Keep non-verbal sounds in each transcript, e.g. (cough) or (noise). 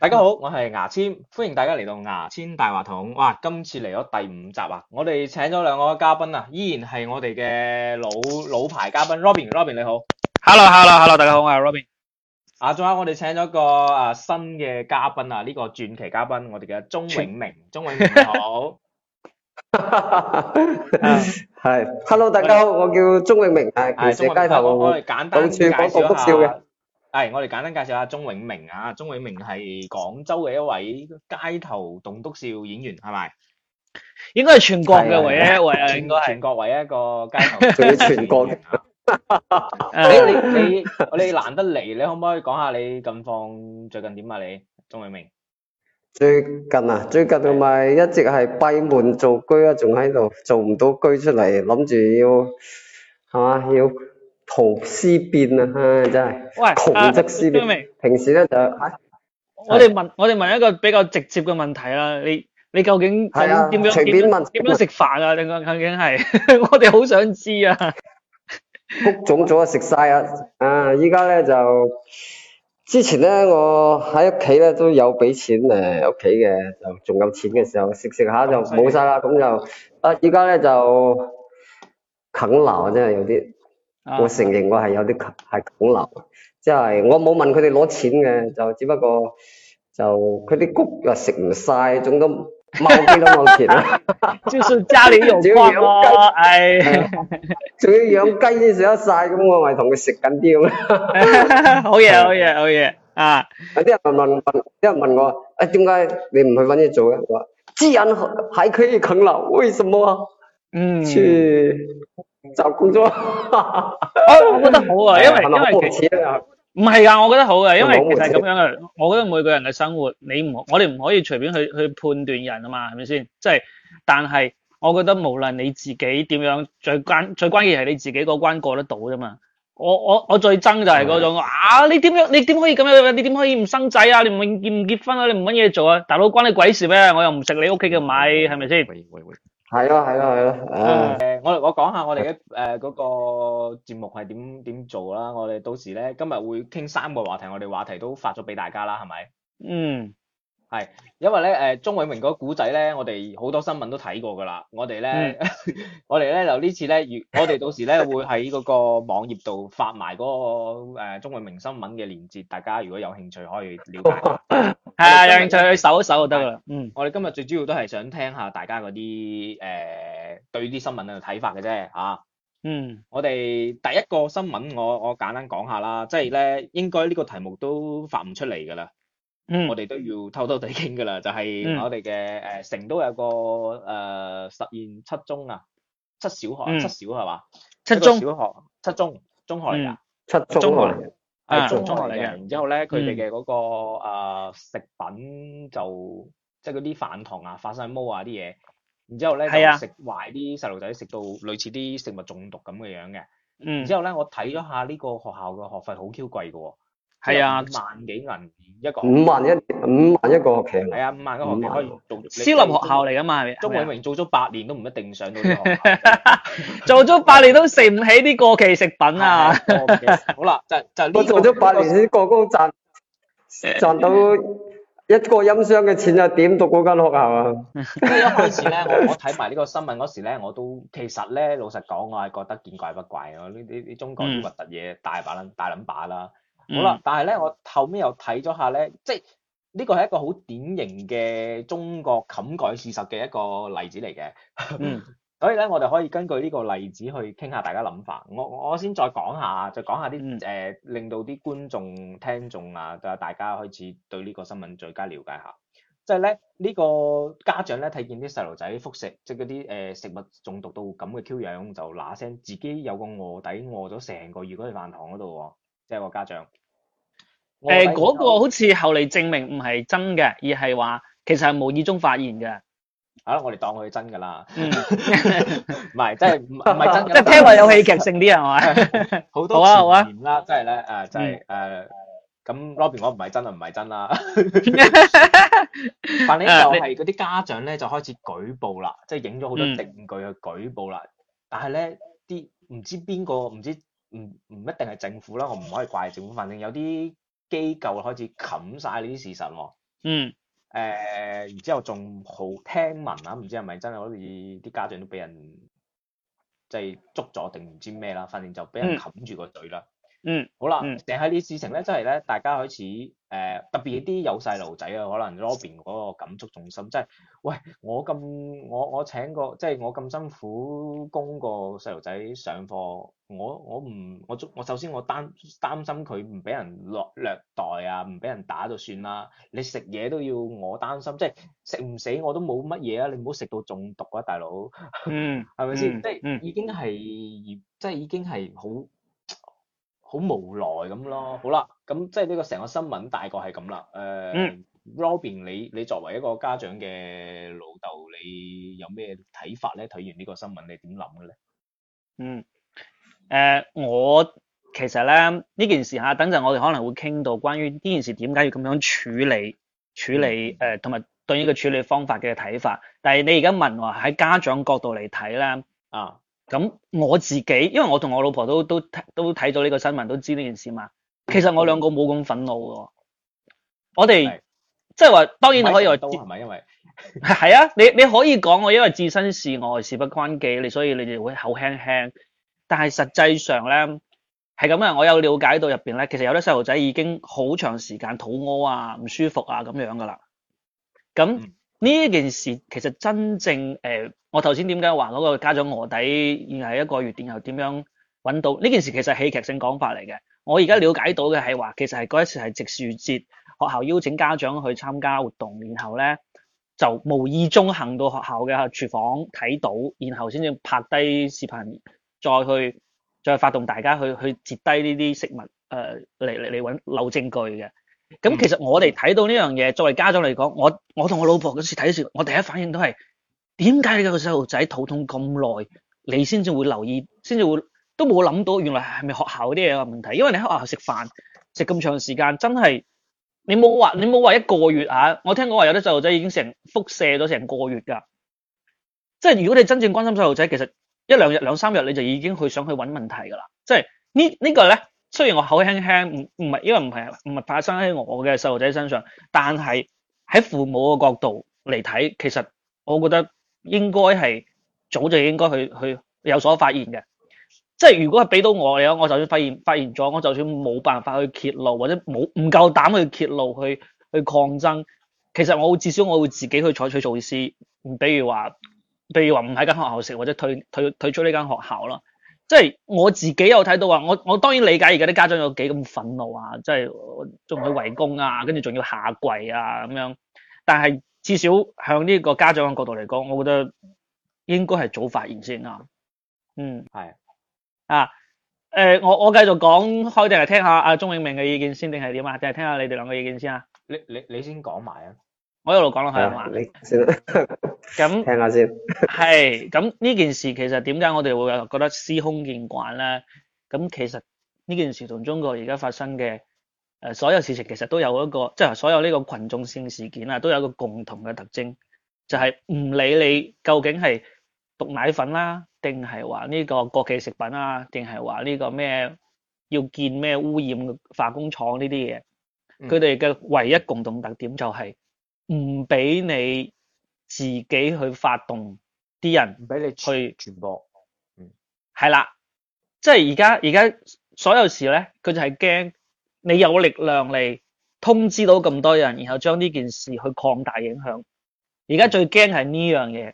大家好，我係牙籤，歡迎大家嚟到牙籤大話筒。哇，今次嚟咗第五集啊！我哋請咗兩個嘉賓啊，依然係我哋嘅老老牌嘉賓 Robin，Robin 你好。Hello，Hello，Hello，大家好，我係 Robin。啊，仲有我哋請咗個啊新嘅嘉賓啊，呢個傳奇嘉賓，我哋嘅鍾永明，鍾永明你好。係，Hello，大家好，我叫鍾永明，係騎住街頭到處講棟篤笑嘅。係，我哋簡單介紹下鐘永明啊，鐘永明係廣州嘅一位街頭棟篤笑演員，係咪？應該係全國嘅唯一一位啊，應該係全國唯一一個街頭。最全國嘅。誒，你你我哋難得嚟，你可唔可以講下你近況最近點啊？你鐘永明最近啊，最近同埋一直係閉門做居啊，仲喺度做唔到居出嚟，諗住要係嘛要。窮思變啊，唉，真係喂窮則思變。平時咧就我哋問我哋問一個比較直接嘅問題啦，你你究竟點點樣隨便問點樣食飯啊？定究竟係我哋好想知啊！谷總早啊食晒啊，啊！依家咧就之前咧，我喺屋企咧都有俾錢誒屋企嘅，就仲有錢嘅時候食食下就冇晒啦。咁就啊，依家咧就啃牙啊，真係有啲。我承認我係有啲係啃老，即係我冇問佢哋攞錢嘅，就只不過就佢啲谷又食唔晒，總都掹幾多掹錢啊。就算家裡有礦咯，哎，仲要養雞先食得晒，咁我咪同佢食緊啲咁好嘢、好嘢、好嘢。啊！有啲人問問問，啲人問我，誒，點解你唔去搵嘢做嘅？我話，既然還可以啃老，為什麼去？就估咗，我覺得好啊，因為因為其實唔係啊，我覺得好啊，因為其實咁樣啊，我覺得每個人嘅生活，你我我哋唔可以隨便去去判斷人啊嘛，係咪先？即係，但係我覺得無論你自己點樣，最關最關鍵係你自己嗰關過得到啫嘛。我我我最憎就係嗰種是是啊，你點樣？你點可以咁樣？你點可以唔生仔啊？你唔結唔結婚啊？你唔搵嘢做啊？大佬關你鬼事咩啊？我又唔食你屋企嘅米，係咪先？係咯係咯係咯，誒、呃、我我講下我哋嘅誒嗰個節目係點點做啦，我哋到時咧今日會傾三個話題，我哋話題都發咗俾大家啦，係咪？嗯。係，因為咧，誒、呃，鐘永明嗰個古仔咧，我哋好多新聞都睇過噶啦。我哋咧、嗯， (laughs) 我哋咧就呢次咧，如我哋到時咧會喺嗰個網頁度發埋嗰、那個誒、呃、鐘永明新聞嘅鏈接，大家如果有興趣可以了解。係、哦、啊，有興趣去搜一搜就得噶啦。是嗯，我哋今日最主要都係想聽下大家嗰啲誒對啲新聞嘅睇法嘅啫，吓、啊。嗯，我哋第一個新聞我我簡單講下啦，即係咧應該呢個題目都發唔出嚟噶啦。我哋都要偷偷地傾噶啦，就係、是、我哋嘅誒，成、嗯呃、都有個誒、呃、實驗七中啊，七小學、嗯、七小係嘛？七中小學七中宗中學嚟噶，七中、嗯、中學嚟嘅，啊中學嚟嘅。嗯、然之後咧，佢哋嘅嗰個誒、呃、食品就即係嗰啲飯堂啊、發晒毛啊啲嘢，然之後咧就食壞啲細路仔，食到類似啲食物中毒咁嘅樣嘅。嗯。然之後咧，我睇咗下呢個學校嘅學費好 Q 貴噶。係啊，萬幾銀一個五萬一五萬一個學期，係啊五萬一個學期可以做你私立學校嚟噶嘛？鍾永明做咗八年都唔一定上到個學校，啊、做咗八年都食唔起啲過期食品啊！品好啦，就、就呢個、我做咗八年先過公賺， (laughs) 賺到一個音箱嘅錢又點讀嗰間學校啊？因為一開始咧，我我睇埋呢個新聞嗰時咧，我都其實咧老實講，我係覺得見怪不怪啊。呢啲呢中國啲核突嘢大把啦，大撚把啦。好啦，但係咧，我後尾又睇咗下咧，即係呢個係一個好典型嘅中國冚蓋，蓋事實嘅一個例子嚟嘅。嗯， (laughs) 所以咧，我哋可以根據呢個例子去傾下大家諗法。我我先再講下，再講下啲誒、呃、令到啲觀眾聽眾啊，大家開始對呢個新聞最佳了解下。即係咧，呢、呢個家長咧睇見啲細路仔輻食，即係嗰啲誒食物中毒到咁嘅 Q 樣，樣，就嗱聲，自己有個臥底臥咗成個月嗰啲飯堂嗰度喎。即係個家長，誒，嗰、啊那個好似後嚟證明唔係真嘅，而係話其實係無意中發現嘅。係咯、啊，我哋當佢真噶啦。唔 (laughs) 係，即係唔係真， (laughs) 即係聽話有戲劇性啲係嘛？好多傳言啦，即係咧誒，就係、是、誒，咁 Robin 講唔係真就唔係真啦。但 (laughs) 係 (laughs) (laughs) 就係嗰啲家長咧就開始舉報啦，即係影咗好多證據去舉報啦。 (laughs) 但係咧啲唔知邊個唔知。唔唔一定係政府啦，我唔可以怪政府，反正有啲機構開始冚晒呢啲事實喎。嗯。誒、呃，然之後仲好聽聞啊，唔知係咪真係好似啲家長都俾人即係、就是、捉咗定唔知咩啦，反正就俾人冚住個嘴啦。嗯嗯，好啦，淨係呢啲事情咧，真係咧，大家開始誒、呃，特別啲有細路仔啊，可能 Robin 嗰個感觸重心，即係喂，我咁我我請個，即係我咁辛苦供個細路仔上課，我我唔我我首先我擔擔心佢唔俾人落虐待啊，唔俾人打就算啦，你食嘢都要我擔心，即係食唔死我都冇乜嘢啊，你唔好食到中毒啊，大佬、嗯 (laughs) 嗯，嗯，係咪先？即係已經係即係已經係好。好無奈咁咯，好啦，咁即係呢個成個新聞大概係咁啦。誒、呃嗯、Robin，你你作為一個家長嘅老豆，你有咩睇法咧？睇完呢個新聞，你點諗嘅咧？嗯，誒、呃，我其實咧呢件事嚇，等陣我哋可能會傾到關於呢件事點解要咁樣處理處理誒，同、呃、埋對呢個處理方法嘅睇法。但係你而家問我喺家長角度嚟睇咧，啊？咁我自己，因為我同我老婆都都睇都睇咗呢個新聞，都知呢件事嘛。其實我兩個冇咁憤怒喎，我哋是即係話當然你可以話都係，咪因為係啊，你你可以講我因為置身事外事不關己，你所以你哋會口輕輕。但係實際上咧係咁樣，我有了解到入邊咧，其實有啲細路仔已經好長時間肚屙啊、唔舒服啊咁樣噶啦。咁呢件事其實真正誒、呃，我頭先點解話嗰個家長臥底，然後係一個月噉又點樣揾到？呢件事其實戲劇性講法嚟嘅。我而家了解到嘅係話，其實係嗰一次係植樹節，學校邀請家長去參加活動，然後咧就無意中行到學校嘅廚房睇到，然後先至拍低視頻，再去再發動大家去去截低呢啲食物誒嚟嚟嚟揾留證據嘅。咁、嗯、其實我哋睇到呢樣嘢，作為家長嚟講，我我同我老婆嗰時睇嘅時候，我第一反應都係，點解你個細路仔肚痛咁耐，你先至會留意，先至會都冇諗到，原來係咪學校啲嘢嘅問題？因為你喺學校食飯食咁長時間，真係你冇話你冇話一個月吓、啊，我聽講話有啲細路仔已經成輻射咗成個月噶，即係如果你真正關心細路仔，其實一兩日兩三日你就已經去想去揾問題噶啦，即係、這個、呢呢個咧。雖然我口輕輕，唔唔係，因為唔係唔係發生喺我嘅細路仔身上，但係喺父母嘅角度嚟睇，其實我覺得應該係早就應該去去有所發現嘅。即係如果係俾到我嚟講，我就算發現發現咗，我就算冇辦法去揭露，或者冇唔夠膽去揭露去去抗爭，其實我會至少我會自己去採取措施，比如話，比如話唔喺間學校食，或者退退退出呢間學校啦。即係我自己有睇到啊，我我當然理解而家啲家長有幾咁憤怒啊，即係仲去圍攻啊，跟住仲要下跪啊咁樣。但係至少向呢個家長嘅角度嚟講，我覺得應該係早發現先啊。嗯，係是的 啊，誒、呃，我我繼續講開定係聽下阿鍾永明嘅意見先，定係點啊？定係聽下你哋兩個意見先啊？你你你先講埋啊！我一路講落去係嘛？先啦，咁聽下先。係咁呢件事其實點解我哋會覺得司空見慣咧？咁其實呢件事同中國而家發生嘅誒所有事情其實都有一個，即係所有呢個群眾性事件啊，都有一個共同嘅特徵，就係唔理你究竟係毒奶粉啦，定係話呢個國際食品啊，定係話呢個咩要建咩污染化工廠呢啲嘢，佢哋嘅唯一共同特點就係。唔俾你自己去發動啲人，唔俾你去傳播，嗯，係啦，即係而家而家所有事咧，佢就係驚你有力量嚟通知到咁多人，然後將呢件事去擴大影響。而家最驚係呢樣嘢，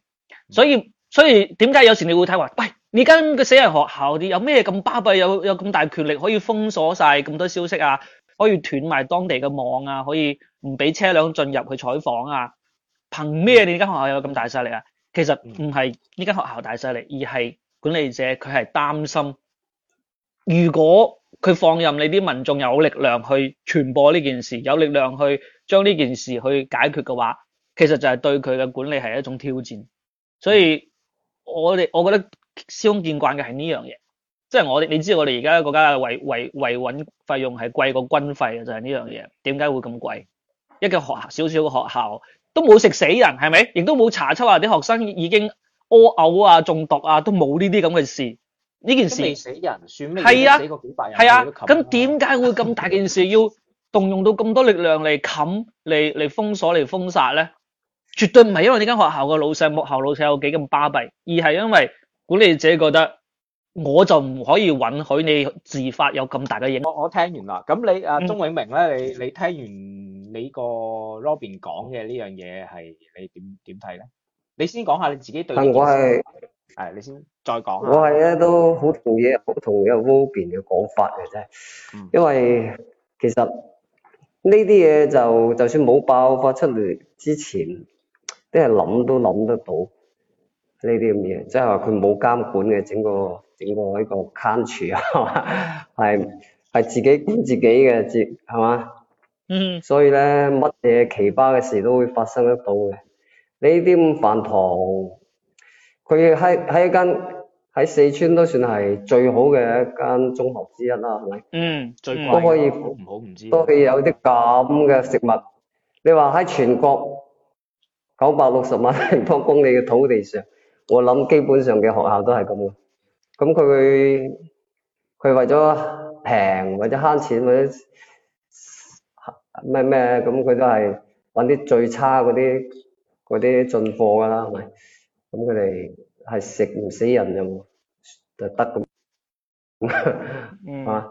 所以所以點解有時你會睇話，喂，你間死人學校啲有咩咁巴閉，有有咁大權力可以封鎖晒咁多消息啊？可以斷埋當地嘅網啊，可以唔俾車輛進入去採訪啊。憑咩你間學校有咁大勢力啊？其實唔係呢間學校大勢力，而係管理者佢係擔心，如果佢放任你啲民眾有力量去傳播呢件事，有力量去將呢件事去解決嘅話，其實就係對佢嘅管理係一種挑戰。所以我哋我覺得司空見慣嘅係呢樣嘢。即係我哋，你知道，我哋而家國家維維維穩費用係貴過軍費嘅，就係呢樣嘢。點解會咁貴？一個學校小小嘅學校都冇食死人，係咪？亦都冇查出話啲學生已經屙、呃、嘔、呃、啊、中毒啊，都冇呢啲咁嘅事。呢件事都未死人，算咩？係啊，死個幾百人，係啊。咁點解會咁大件事要動用到咁多力量嚟冚、嚟嚟封鎖、嚟封殺咧？絕對唔係因為呢間學校嘅老細幕後老細有幾咁巴閉，而係因為管理者覺得。我就唔可以允許你自發有咁大嘅影。我我聽完啦，咁你啊鍾永明咧，你你聽完你個 Robin 講嘅呢樣嘢係你點點睇咧？你先講下你自己對。但係我係係你先再講下。我係咧都好同意，好同意 Robin 嘅講法嘅啫。因為其實呢啲嘢就就算冇爆發出嚟之前，啲人諗都諗得到呢啲咁嘢，即係話佢冇監管嘅整個。整個呢個 can 廚係嘛，係係自己管自己嘅，係嘛，嗯，所以咧乜嘢奇葩嘅事都會發生得到嘅。呢啲咁飯堂，佢喺喺一間喺四川都算係最好嘅一間中學之一啦，係咪？嗯嗯，嗯，最都可以唔好唔知，都可以有啲咁嘅食物。嗯嗯、你話喺全國九百六十萬平方公里嘅土地上，我諗基本上嘅學校都係咁嘅。咁佢佢為咗平，為咗慳錢，或者咩咩咁，佢都係揾啲最差嗰啲嗰啲進貨噶啦，係咪？咁佢哋係食唔死人就就得咁。 (laughs) 嗯， (laughs) 是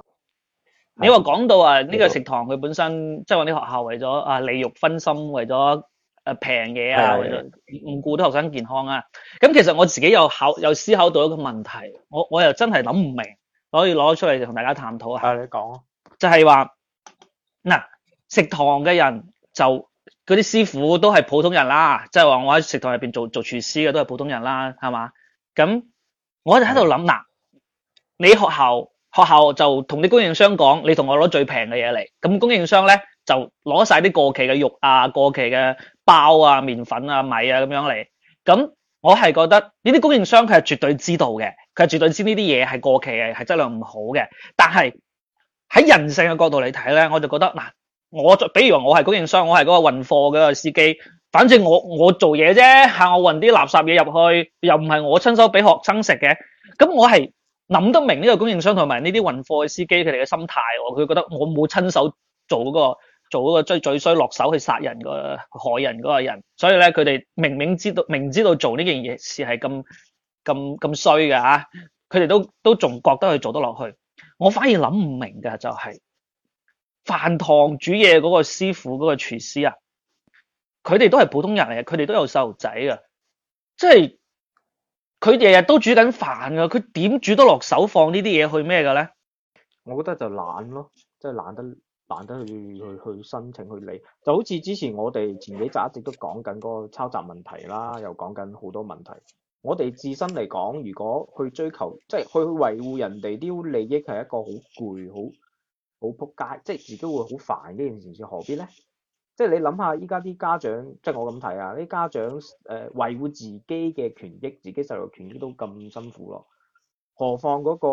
你話講到啊，呢個食堂佢、嗯、本身即係話啲學校為咗啊利欲熏心，為咗。誒平嘢啊，唔顧得學生健康啊，咁、嗯、其實我自己又考又思考到一個問題，我我又真係諗唔明，可以攞出嚟同大家探討下。啊、你講，就係話嗱，食堂嘅人就嗰啲師傅都係普通人啦，即係話我喺食堂入邊做做廚師嘅都係普通人啦，係嘛？咁我就喺度諗嗱，你學校學校就同啲供應商講，你同我攞最平嘅嘢嚟，咁供應商咧？就攞晒啲過期嘅肉啊、過期嘅包啊、麵粉啊、米啊咁樣嚟，咁我係覺得呢啲供應商佢係絕對知道嘅，佢係絕對知呢啲嘢係過期嘅，係質量唔好嘅。但係喺人性嘅角度嚟睇咧，我就覺得嗱，我比如我係供應商，我係嗰個運貨嘅司機，反正我我做嘢啫，喊我運啲垃圾嘢入去，又唔係我親手俾學生食嘅，咁我係諗得明呢個供應商同埋呢啲運貨嘅司機佢哋嘅心態，我佢覺得我冇親手做嗰個。做嗰個最最衰落手去殺人個害人嗰個人，所以咧佢哋明明知道明知道做呢件嘢事係咁咁咁衰嘅吓，佢哋、啊、都都仲覺得佢做得落去。我反而諗唔明嘅就係、係、飯堂煮嘢嗰個師傅嗰、嗰個廚師啊，佢哋都係普通人嚟，佢哋都有細路仔噶，即係佢日日都煮緊飯噶，佢點煮得落手放呢啲嘢去咩嘅咧？我覺得就懶咯，即係懶得。懶得去去去申請去理，就好似之前我哋前幾集一直都講緊嗰個抄襲問題啦，又講緊好多問題。我哋自身嚟講，如果去追求，即係去維護人哋啲利益，係一個好攰、好好撲街，即係自己會好煩呢件事情，何必咧？即係你諗下，依家啲家長，即係我咁睇啊，啲家長誒維護自己嘅權益，自己細路嘅權益都咁辛苦咯。何況嗰個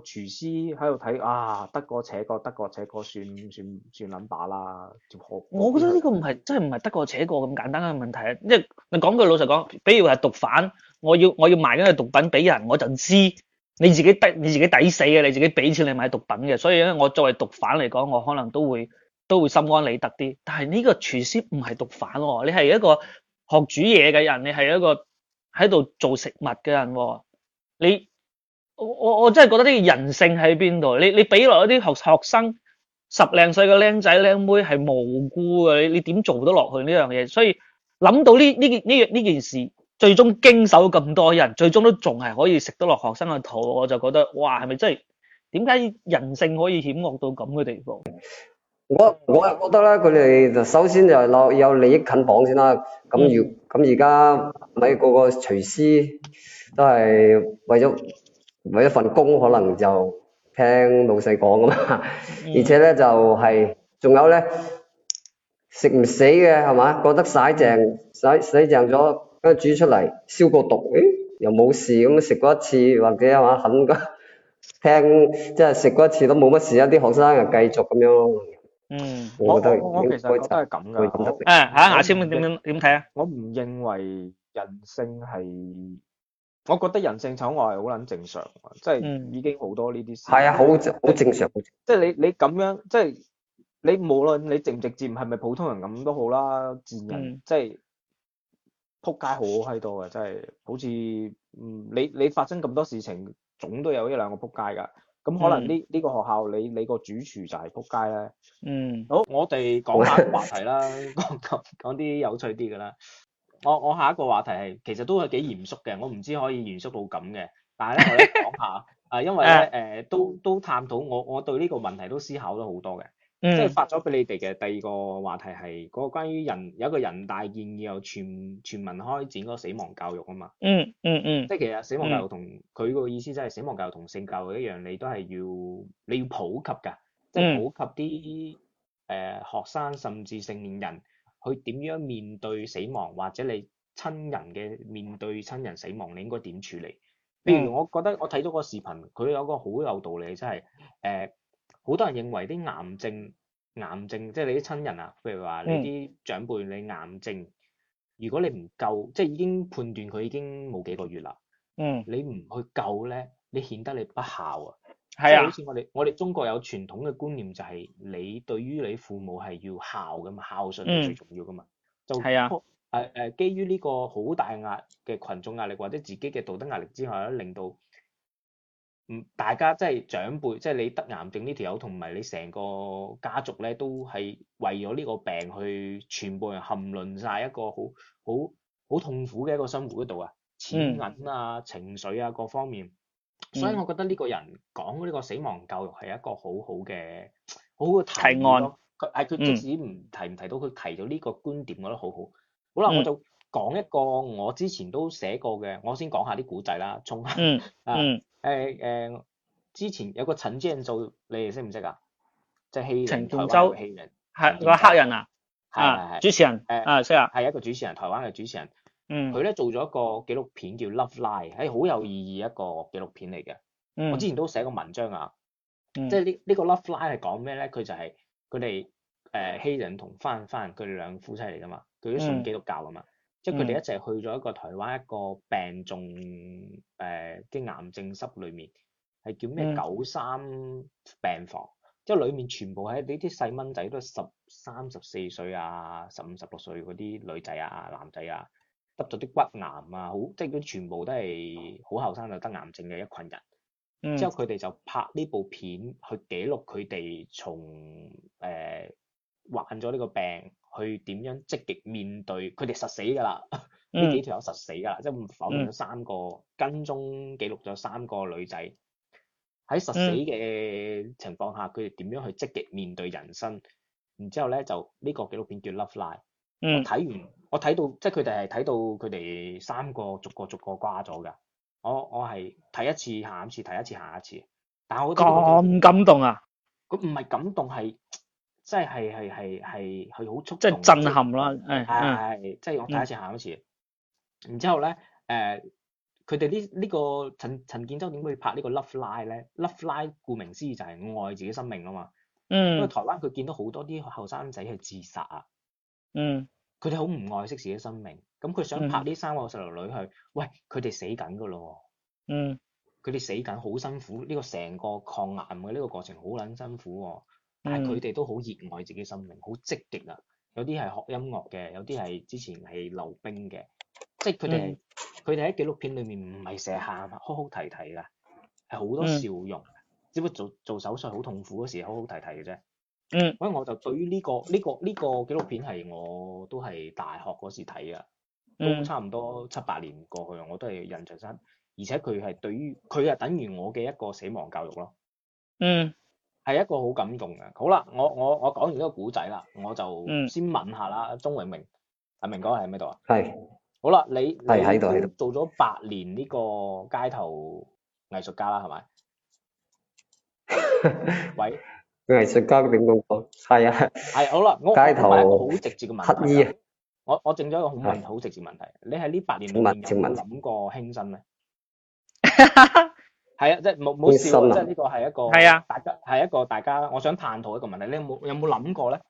廚師喺度睇啊，得過且過，得過且過，算算算諗把啦。好，我覺得呢個唔係真係唔係得過且過咁簡單嘅問題啊！即係你講句老實講，比如係毒販，我要我要賣緊個毒品俾人，我就知你自己抵你自己抵死嘅，你自己俾錢你買毒品嘅，所以咧我作為毒販嚟講，我可能都會都會心安理得啲。但係呢個廚師唔係毒販喎、哦，你係一個學煮嘢嘅人，你係一個喺度做食物嘅人喎、哦，你。我我真係覺得呢個人性喺邊度？你你俾落一啲學學生十零歲嘅僆仔僆妹係無辜嘅，你你點做得落去呢樣嘢？所以諗到呢呢件呢樣呢件事，最終經手咁多人，最終都仲係可以食得落學生嘅肚，我就覺得哇，係咪真係？點解人性可以險惡到咁嘅地方？我我又覺得咧，佢哋就首先就有有利益捆綁先啦。咁如咁而家咪個個廚師都係為咗。每一份工，可能就聽老細講㗎嘛，嗯、而且咧就係、是，仲有咧食唔死嘅係嘛，覺得洗淨洗洗淨咗，跟住煮出嚟，消過毒，誒、欸、又冇事咁食過一次，或者係嘛肯嘅聽，即係食過一次都冇乜事，一啲學生又繼續咁樣咯。嗯，我我我，我，我其實都係咁噶。誒，吓牙簽點點點睇啊？下下我唔樣認為人性係。我覺得人性醜惡係好撚正常，你即係已經好多呢啲事係啊，好好正常。即係你你咁樣，即係你無論你直唔直接係咪普通人咁都好啦，賤人、嗯、即係撲街好喺度啊，真係好似嗯你你發生咁多事情，總都有一兩個撲街㗎。咁可能呢呢、嗯、個學校你你個主廚就係撲街咧。嗯，好，我哋講下個話題啦， (laughs) 講講啲有趣啲嘅啦。我我下一個話題係，其實都係幾嚴肅嘅，我唔知可以嚴肅到咁嘅，但係咧我講下，誒 (laughs) 因為咧誒、呃、都都探討我我對呢個問題都思考咗好多嘅，即係發咗俾你哋嘅第二個話題係嗰、嗰個關於人有一個人大建議又全全民開展嗰死亡教育啊嘛，嗯嗯嗯，即係其實死亡教育同佢個意思即係死亡教育同性教育一樣，你都係要你要普及噶，即係普及啲誒學生甚至成年人。佢點樣面對死亡，或者你親人嘅面對親人死亡，你應該點處理？譬如我覺得我睇咗個視頻，佢有個好有道理，即係誒，呃、好多人認為啲癌症、癌症即係你啲親人啊，譬如話你啲長輩你癌症，如果你唔救，即係已經判斷佢已經冇幾個月啦，你唔去救咧，你顯得你不孝啊！即係好似我哋，我哋中國有傳統嘅觀念，就係你對於你父母係要孝嘅嘛，孝順係最重要嘅嘛。嗯、就係啊，誒誒，基於呢個好大壓嘅群眾壓力或者自己嘅道德壓力之下咧，令到唔大家即係長輩，即係你得癌症呢條友同埋你成個家族咧，都係為咗呢個病去全部人含論晒一個好好好痛苦嘅一個生活嗰度啊，錢銀啊、情緒啊各方面。所以，我覺得呢個人講呢個死亡教育係一個好好嘅好好提案。佢係佢即使唔提唔提到，佢提到呢個觀點，我覺得好好。好啦，我就講一個我之前都寫過嘅，我先講下啲古仔啦，充下～嗯。嗯。誒誒，之前有個陳主任做，你哋識唔識啊？即係氣人。陳建州，氣人。係個黑人啊！啊，主持人誒啊，識啊，係一個主持人，台灣嘅主持人。佢咧、嗯、做咗一個紀錄片叫 Love Line 係、欸、好有意義一個紀錄片嚟嘅。嗯、我之前都寫過文章啊。嗯、即係呢呢個 Love Line 係講咩咧？佢就係佢哋誒希仁同翻翻佢哋兩夫妻嚟噶嘛，佢都信基督教啊嘛。嗯、即係佢哋一齊去咗一個台灣一個病重誒啲、呃、癌症室裏面，係叫咩、嗯、九三病房。即係裏面全部喺呢啲細蚊仔都係十三十四歲啊，十五十六歲嗰啲女仔啊、男仔啊。得咗啲骨癌啊，好即係嗰全部都係好後生就得癌症嘅一群人。嗯、之後佢哋就拍呢部片去記錄佢哋從誒患咗呢個病去點樣積極面對。佢哋實死噶啦，呢、嗯、 (laughs) 幾條友實死噶啦，嗯、即係訪問咗三個、嗯、跟蹤記錄咗三個女仔喺實死嘅情況下，佢哋點樣去積極面對人生？然後之後咧就呢個紀錄片叫《Love Life》，我睇完。嗯我睇到，即係佢哋係睇到佢哋三個逐個逐個掛咗噶。我我係睇一次喊一次，睇一次喊一次，但係我好感感動啊！佢唔係感動，係即係係係係係好觸即係震撼啦。係係即係我睇一次喊、嗯、一次。然之後咧，誒、呃，佢哋呢呢個陳陳建州點解要拍呢個《Love Life》咧？《Love Life》顧名思義就係愛自己生命啊嘛。嗯。因為台灣佢見到好多啲後生仔去自殺啊。嗯。佢哋好唔愛惜自己生命，咁佢想拍呢三個細路女去，喂，佢哋死緊㗎咯喎，嗯，佢哋死緊，好辛苦，呢、呢個成個抗癌嘅呢個過程好撚辛苦，但係佢哋都好熱愛自己生命，好積極啊，有啲係學音樂嘅，有啲係之前係溜冰嘅，即係佢哋，佢哋喺紀錄片裏面唔係成日喊哭哭啼啼㗎，係好多笑容，嗯、只不過做做手術好痛苦嗰時，哭哭啼啼嘅啫。嗯，所以我就對於呢個呢個呢個紀錄片係我都係大學嗰時睇嘅，都差唔多七八年過去我都係印象深，而且佢係對於佢係等於我嘅一個死亡教育咯。嗯，係一個好感動嘅。好啦，我我我講完呢個古仔啦，我就先問下啦，鍾永明，阿明哥喺邊度啊？係是，好啦，你係喺度，做咗八年呢個街頭藝術家啦，係咪？ (laughs) 喂。藝術家點講？係啊，係街頭乞衣啊！我我整咗一個好問好直接問題，你喺呢八年五年，有冇諗過輕生咩？係啊，即係冇好笑，即係呢個係一個係啊！大家係一個大家，我想探討一個問題，你有冇有冇諗過咧？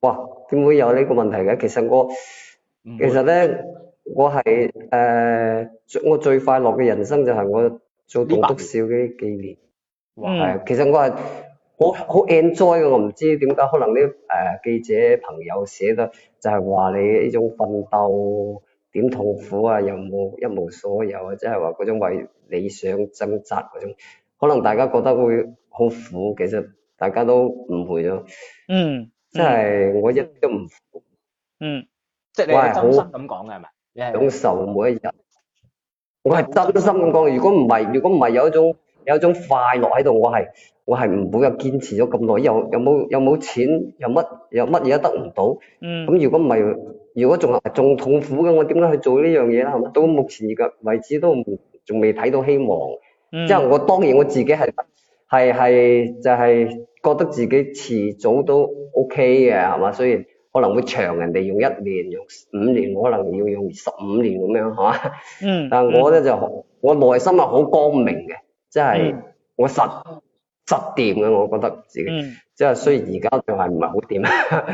哇！點會有呢個問題嘅？其實我其實咧，我係誒，我最快樂嘅人生就係我做棟篤笑嘅幾年。係、嗯，其實我係好好 enjoy 嘅，我唔知點解，可能啲誒、呃、記者朋友寫得就係、是、話你呢種奮鬥點痛苦啊，又冇一無所有啊，即係話嗰種為理想掙扎嗰種，可能大家覺得會好苦，其實大家都誤會咗、嗯，嗯，即係我一都唔苦，嗯，即係你係真心咁講嘅係咪？享受、嗯、每一日，我係真心咁講，如果唔係，如果唔係有一種。有種快樂喺度，我係我係唔會又堅持咗咁耐，又又冇又冇錢，又乜又乜嘢都得唔到。嗯。咁如果唔係，如果仲係仲痛苦嘅，我點解去做呢樣嘢啦？係嘛？到目前而家為止都仲未睇到希望。即係我當然我自己係係係就係覺得自己遲早都 O K 嘅係嘛，所以可能會長人哋用一年用五年，可能要用十五年咁樣嚇、啊、嘛。嗯，嗯。但 (laughs) 我咧就我內心係好光明嘅。即係我實、嗯、實掂嘅，我覺得自己，嗯、即係雖然而家就係唔係好掂，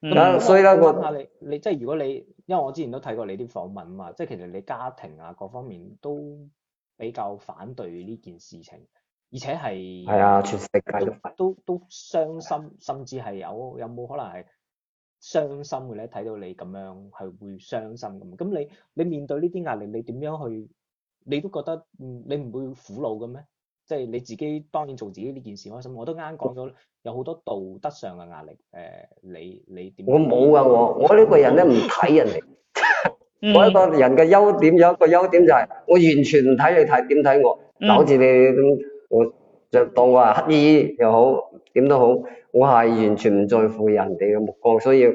咁、嗯、 (laughs) 所以咧，以我問下你你即係如果你，因為我之前都睇過你啲訪問啊嘛，即係其實你家庭啊各方面都比較反對呢件事情，而且係係啊，全世界都都都都傷心，甚至係有有冇可能係傷心嘅咧？睇到你咁樣係會傷心咁，咁你你面對呢啲壓力，你點樣去？你都覺得你唔會苦惱嘅咩？即係你自己當然做自己呢件事開心。我都啱啱講咗，有好多道德上嘅壓力。誒、呃，你你點？我冇啊！我我呢個人咧唔睇人哋。 (laughs) (laughs) 我一個人嘅優點有一個優點就係、係、我完全唔睇你睇點睇我。嗱，好似你咁，我著當我係乞衣又好，點都好，我係完全唔在乎人哋嘅目光，所以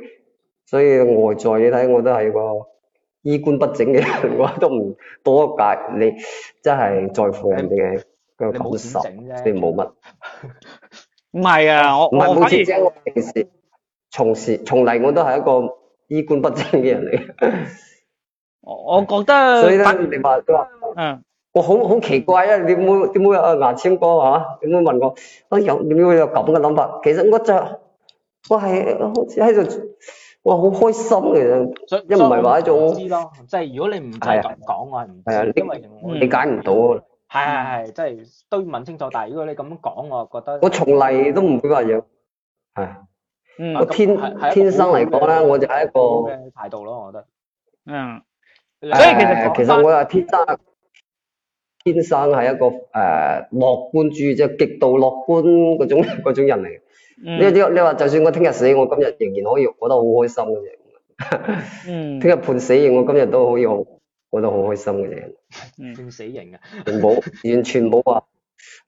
所以外在你睇我都係喎。衣冠不整嘅人嘅話都唔多解，你真係在乎人哋嘅感受，你冇乜。唔係啊，我我反而從事從嚟我都係一個衣冠不整嘅人嚟。我覺得所以咧，你話嗯，我好好奇怪啊！點會點會啊牙籤哥嚇？點會問我啊有點會有咁嘅諗法？其實我就我係好似喺度。哇，好開心嘅啫，一唔係話一種。知咯，即係如果你唔係咁講，的我係唔。係啊的，因為理解唔到。係係係，即係都要問清楚。但係如果你咁講，我係覺得。我從嚟都唔會話要。係。嗯。我天天生嚟講咧，嗯、我就係一個。態度咯，我覺得。嗯。所以其實，其實我係天生。天生係一個誒，樂觀主義，即係極度樂觀嗰種嗰種人嚟。嗯、你你你話就算我聽日死，我今日仍然可以過得好開心嘅啫。嗯。聽日判死刑，我今日都可以過得好開心嘅啫。判死刑啊？冇完全冇話，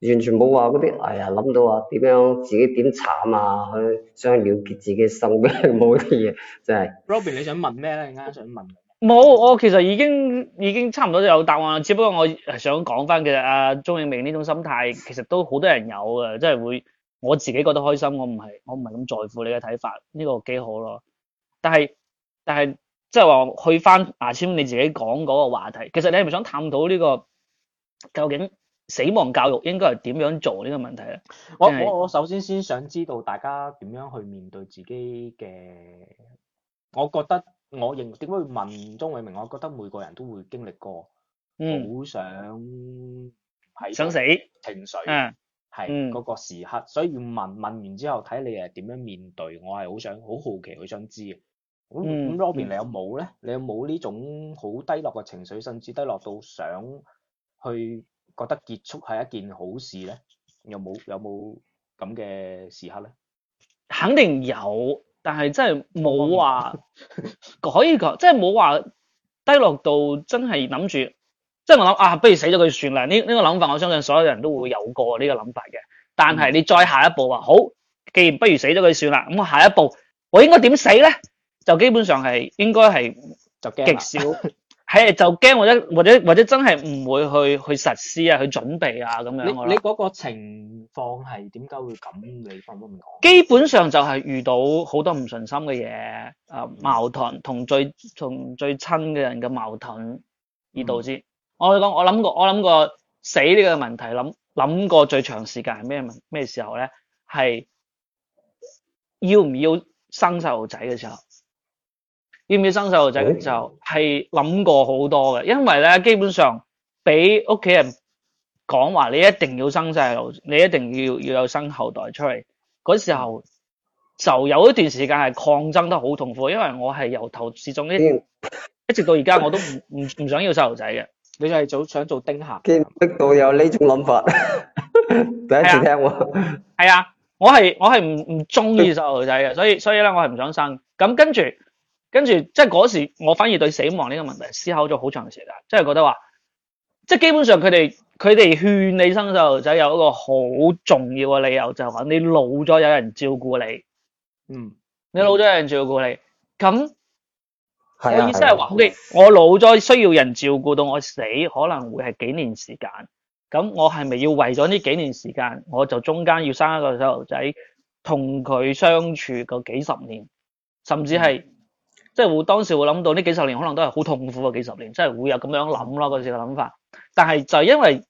完全冇話嗰啲哎呀諗到啊，點樣自己點慘啊，去想了結自己生命冇啲嘢，真係。Robin，你想問咩咧？啱啱想問。冇，我其實已經已經差唔多有答案啦。只不過我想講翻其實阿、啊、鍾永明呢種心態，其實都好多人有嘅，真係會。我自己覺得開心，我唔係我唔係咁在乎你嘅睇法，呢、這個幾好咯。但係但係即係話去翻牙籤你自己講嗰個話題，其實你係咪想探討呢、這個究竟死亡教育應該係點樣做呢個問題咧我是？我我我首先先想知道大家點樣去面對自己嘅，我覺得我認點解會問鍾永明？我覺得每個人都會經歷過，好、嗯、想喺想死情緒啊。Uh, 係嗰、那個時刻，所以要問，問完之後睇你係點樣面對，我係好想好好奇，好想知嘅。咁咁、嗯，Robin 你有冇咧？嗯、你有冇呢種好低落嘅情緒，甚至低落到想去覺得結束係一件好事咧？有冇有冇咁嘅時刻咧？肯定有，但係真係冇話可以講，即係冇話低落到真係諗住。即係我諗啊，不如死咗佢算啦！呢、這、呢個諗、這個、法，我相信所有人都會有過呢、這個諗法嘅。但係你再下一步話，好，既然不如死咗佢算啦，咁、嗯、我下一步我應該點死咧？就基本上係應該係就極少，係就驚 (laughs) 或者或者或者真係唔會去去實施啊，去準備啊咁樣。你你嗰吧個情況係點解會咁你咁樣講？基本上就係遇到好多唔順心嘅嘢，啊、嗯、矛盾同最同最親嘅人嘅矛盾而導致。我講，我諗過，我諗過死呢個問題，諗諗過最長時間係咩問咩時候咧？係要唔要生細路仔嘅時候？要唔要生細路仔嘅時候？係諗過好多嘅，因為咧，基本上俾屋企人講話你一定要生細路，你一定要要有生後代出嚟。嗰時候就有一段時間係抗爭得好痛苦，因為我係由頭至終呢，一直到而家我都唔唔唔想要細路仔嘅。你就係早想做丁客，見到有呢種諗法， (laughs) 第一次聽喎。係啊， (laughs) (laughs) 我係我係唔唔中意細路仔嘅，所以所以咧，我係唔想生。咁跟住跟住，即係嗰時，我反而對死亡呢個問題思考咗好長嘅時間，即係覺得話，即係基本上佢哋佢哋勸你生細路仔有一個好重要嘅理由，就係話你老咗有人照顧你，嗯，你老咗有人照顧你，咁。我意思係話，okay, 我老咗需要人照顧到我死，可能會係幾年時間。咁我係咪要為咗呢幾年時間，我就中間要生一個細路仔，同佢相處個幾十年，甚至係即係我當時會諗到呢幾十年可能都係好痛苦嘅幾十年，即係會有咁樣諗囉，嗰時嘅諗法。但係就係因為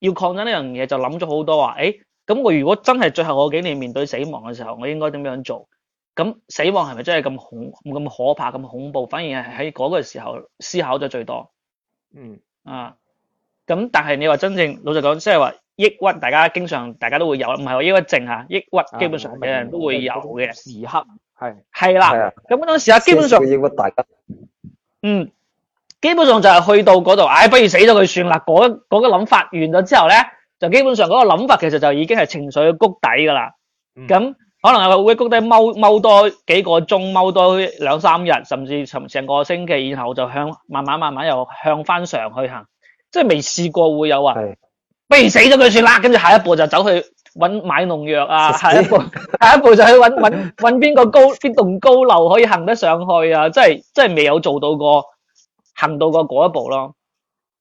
要抗爭呢樣嘢，就諗咗好多話，誒，咁我如果真係最後我幾年面對死亡嘅時候，我應該點樣做？咁死亡係咪真係咁恐咁可怕咁恐怖？反而係喺嗰個時候思考咗最多。嗯啊，咁但係你話真正老實講，即係話抑鬱，大家經常大家都會有，唔係話抑鬱症吓，抑鬱基本上嘅、啊、人都會有嘅、啊、時刻。係係是是啦，咁嗰種時刻基本上抑鬱，大家嗯，基本上就係去到嗰度，唉、哎，不如死咗佢算啦。嗰、那、嗰個諗、那個、法完咗之後咧，就基本上嗰個諗法其實就已經係情緒嘅谷底噶啦。咁、嗯嗯可能係會谷底踎踎多幾個鐘，踎多兩三日，甚至成成個星期，然後就向慢慢慢慢又向翻上去行，即係未試過會有啊。是不如死咗佢算啦，跟住下一步就走去搵買農藥啊，是是下一步下一步就去搵搵搵邊個高邊棟高樓可以行得上去啊，即係即係未有做到過行到過嗰一步咯，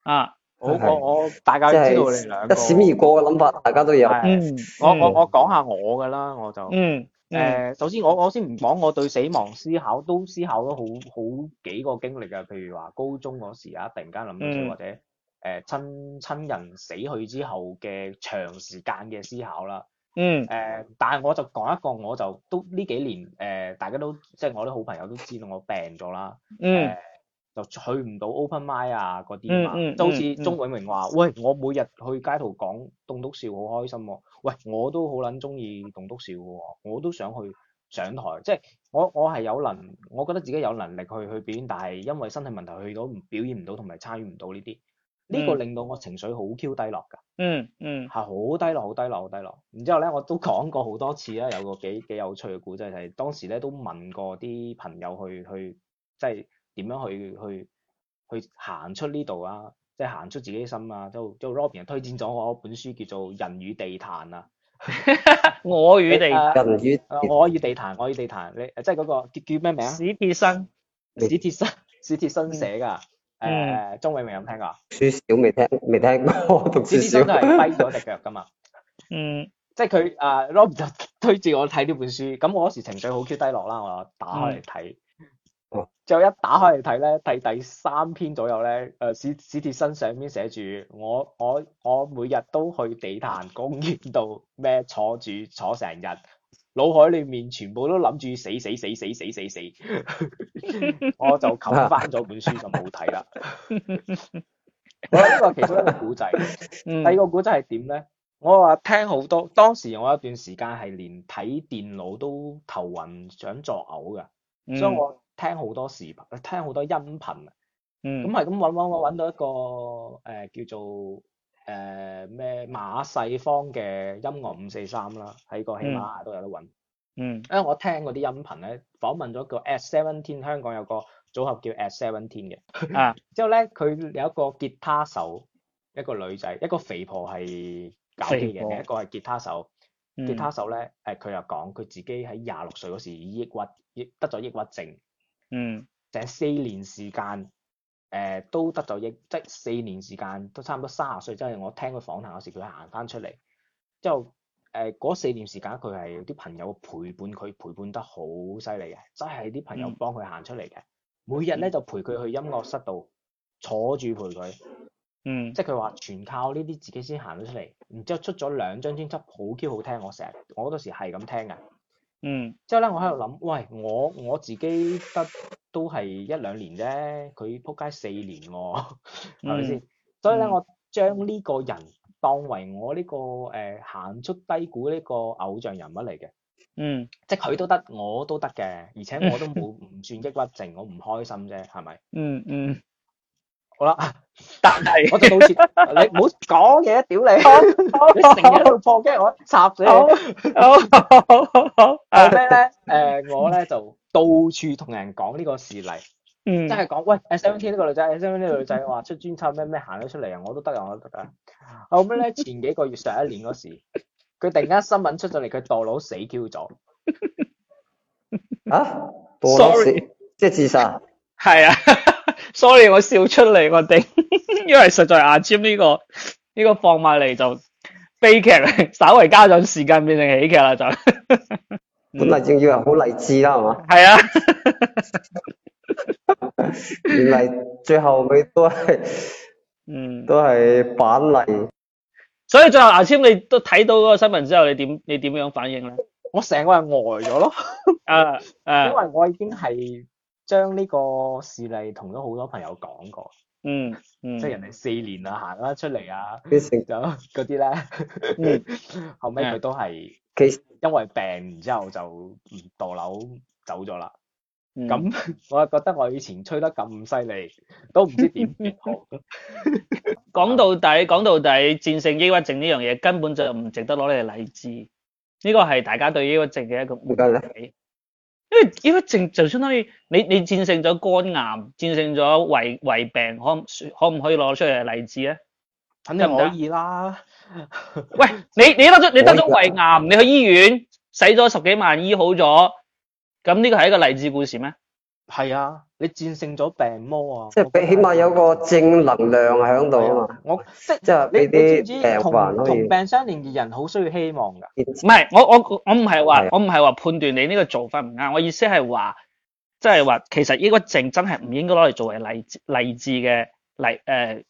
啊。我我我大家都知道你兩個一閃而過嘅諗法，大家都有。的嗯、我我我講下我嘅啦，我就嗯誒、嗯呃，首先我我先唔講，我對死亡思考都思考咗好好幾個經歷啊，譬如話高中嗰時啊，突然間諗住或者誒、呃、親親人死去之後嘅長時間嘅思考啦。嗯誒、呃，但係我就講一個，我就都呢幾年誒、呃，大家都即係我啲好朋友都知道我病咗啦。呃、嗯。就去唔到 open mic 啊嗰啲嘛，mm, mm, mm, 就好似鍾永明話，mm, mm, mm. 喂，我每日去街度講棟篤笑好開心喎、啊，喂，我都好撚中意棟篤笑嘅喎，我都想去上台，即係我我係有能，我覺得自己有能力去去表演，但係因為身體問題去到唔表演唔到同埋參與唔到呢啲，呢、這個令到我情緒好 q 低落㗎，嗯嗯、mm, mm.，係好低落，好低落，好低落。然之後咧，我都講過好多次啦，有個幾幾有趣嘅故仔就係、是、當時咧都問過啲朋友去去，去，去即係。點樣去去去行出呢度啊？即係行出自己心啊！就都 Robin 推薦咗我本書，叫做《人與地壇、 (laughs) 哎》啊人與我與地。我與地壇，我與地壇，我與地壇。你即係嗰個叫咩名？史鐵生， (laughs) 史鐵生，史鐵生寫噶。誒，鍾永明有聽過？書少未聽，未聽我同書少。都係跛咗隻腳噶嘛。嗯。 (laughs) 即係佢啊，Robin 就推薦我睇呢本書。咁我嗰時情緒好 Q 低落啦，我打開嚟睇。嗯就一打開嚟睇咧，睇第，第三篇左右咧，誒、呃、史史鐵生上邊寫住我我我每日都去地壇公園度咩坐住坐成日，腦海裏面全部都諗住死，死死死死死死死， (laughs) 我就冚翻咗本書就冇睇啦。我 (laughs) 呢、這個其中一個古仔，第二個古仔係點咧？嗯、我話聽好多，當時我有一段時間係連睇電腦都頭暈想作嘔噶，嗯、所以我。聽好多視頻，聽好多音頻，音頻嗯，咁係咁揾揾我揾到一個誒、呃、叫做誒咩、呃、馬世芳嘅音樂五四三啦，喺個喜馬拉雅都有得揾、嗯，嗯，因為我聽嗰啲音頻咧，訪問咗個 At Seventeen，香港有個組合叫 At Seventeen 嘅，啊，之 (laughs) 後咧佢有一個吉他手，一個女仔，一個肥婆係搞基嘅，另婆一個係吉他手，嗯、吉他手咧，誒佢又講佢自己喺廿六歲嗰時已抑鬱，得咗抑鬱症。嗯，就成四年時間，誒、呃，都得就益。即係四年時間都差唔多卅歲之後，我聽佢訪談嗰時，佢行翻出嚟之後，誒，嗰四年時間佢係啲朋友陪伴佢，陪伴得好犀利嘅，真係啲朋友幫佢行出嚟嘅，嗯、每日咧就陪佢去音樂室度坐住陪佢，嗯，即係佢話全靠呢啲自己先行咗出嚟，然之後出咗兩張專輯，好 Q 好聽，我成日我嗰時係咁聽嘅。嗯，之後咧，我喺度諗，喂，我我自己得都係一兩年啫，佢撲街四年喎，啊，係咪先？嗯嗯、所以咧，我將呢個人當為我呢、呢個誒行、呃、出低谷呢個偶像人物嚟嘅。嗯，即係佢都得，我都得嘅，而且我都冇唔算抑鬱症，我唔開心啫，係咪？嗯？嗯嗯。好啦，但係我就好似，你唔好講嘢，屌你，你成日喺度抨擊我，插死你。好好好好後屘咧，誒，我咧就到處同人講呢個事例，即係講喂，Sunny Tian 呢個女仔，Sunny 呢個女仔話出專輯咩咩行咗出嚟啊，我都得啊，我都得啊。後屘咧，前幾個月上一年嗰時，佢突然間新聞出咗嚟，佢墮樓死 Q 咗。啊？墮樓死即係自殺？係啊。Sorry，我笑出嚟，我頂， (laughs) 因為實在牙籤呢個呢、這個放埋嚟就悲劇，稍微加上時間變成喜劇啦就。 (laughs) 本嚟仲要係好勵志啦，係嘛？係啊。 (laughs) (laughs) 原嚟最後佢都係，嗯，都係反例。所以最後牙籤，你都睇到嗰個新聞之後，你點你點樣反應咧？我成個人呆咗咯。啊啊！因為我已經係。將呢個事例同咗好多朋友講過。嗯嗯，嗯即係人哋四年啊行啦出嚟啊，食咗嗰啲咧，呢嗯、 (laughs) 後尾佢都係，其因為病，然之後就唔墮樓走咗啦。咁、嗯、我覺得我以前吹得咁犀利，都唔知點學。講到底，講到底，戰勝抑鬱症呢樣嘢根本就唔值得攞你嘅例子。呢個係大家對抑鬱症嘅一個問題。冇得因為因為正就相當於你你戰勝咗肝癌戰勝咗胃胃病可可唔可以攞出嚟例子咧？肯定可以啦。 (laughs) 喂，你你得咗你得咗胃癌，你去醫院使咗十幾萬醫好咗，咁呢個係一個勵志故事咩？係啊。你戰勝咗病魔啊！即係起碼有個正能量喺度啊嘛！我即係俾啲病患可以同病相憐嘅人好需要希望噶。唔係我我的我唔係話我唔係話判斷你呢個做法唔啱。我意思係話，即係話其實抑鬱症真係唔應該攞嚟作為勵志勵志嘅例誒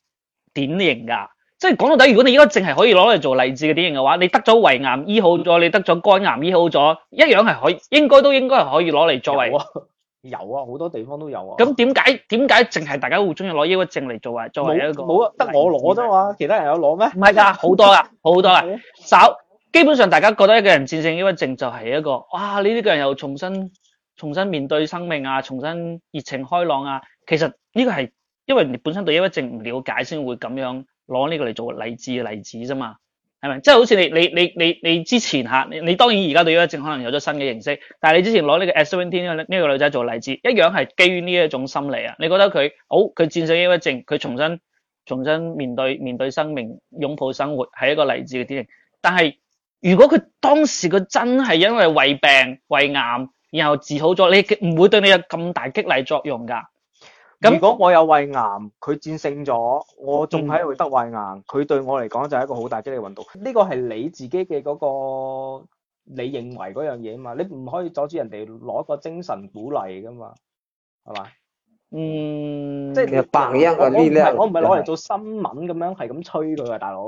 典型噶。即係講到底，如果你抑鬱症係可以攞嚟做勵志嘅典型嘅話，你得咗胃癌醫好咗，你得咗肝癌醫好咗，一樣係可以應該都應該係可以攞嚟作為。 (laughs) 有啊，好多地方都有啊。咁點解點解淨係大家會中意攞抑鬱症嚟做？為作為一個冇啊，得我攞啫嘛？其他人有攞咩？唔係㗎，好 (laughs) 多噶，好多啊。少基本上大家覺得一個人戰勝抑鬱症就係一個哇，你呢個人又重新重新面對生命啊，重新熱情開朗啊。其實呢個係因為你本身對抑鬱症唔了解先會咁樣攞呢個嚟做勵志嘅例子啫嘛。係咪？即係好似你你你你你之前吓你你當然而家對抑鬱症可能有咗新嘅認識，但係你之前攞呢個 Swinney 呢個呢個女仔做例子，一樣係基於呢一種心理啊。你覺得佢好，佢、哦、佢戰勝抑鬱症，佢重新重新面對面對生命，擁抱生活，係一個勵志嘅典型。但係如果佢當時佢真係因為胃病、胃癌，然後治好咗，你唔會對你有咁大激勵作用噶。如果我有胃癌，佢戰勝咗，我仲喺度得胃癌，佢對我嚟講就係一個好大嘅激勵運動。呢個係你自己嘅嗰、嗰個你認為嗰樣嘢啊嘛，你唔可以阻止人哋攞一個精神鼓勵噶嘛，係嘛？嗯，即係是你白一嗰啲我唔係攞嚟做新聞咁樣，係咁吹佢啊，大佬，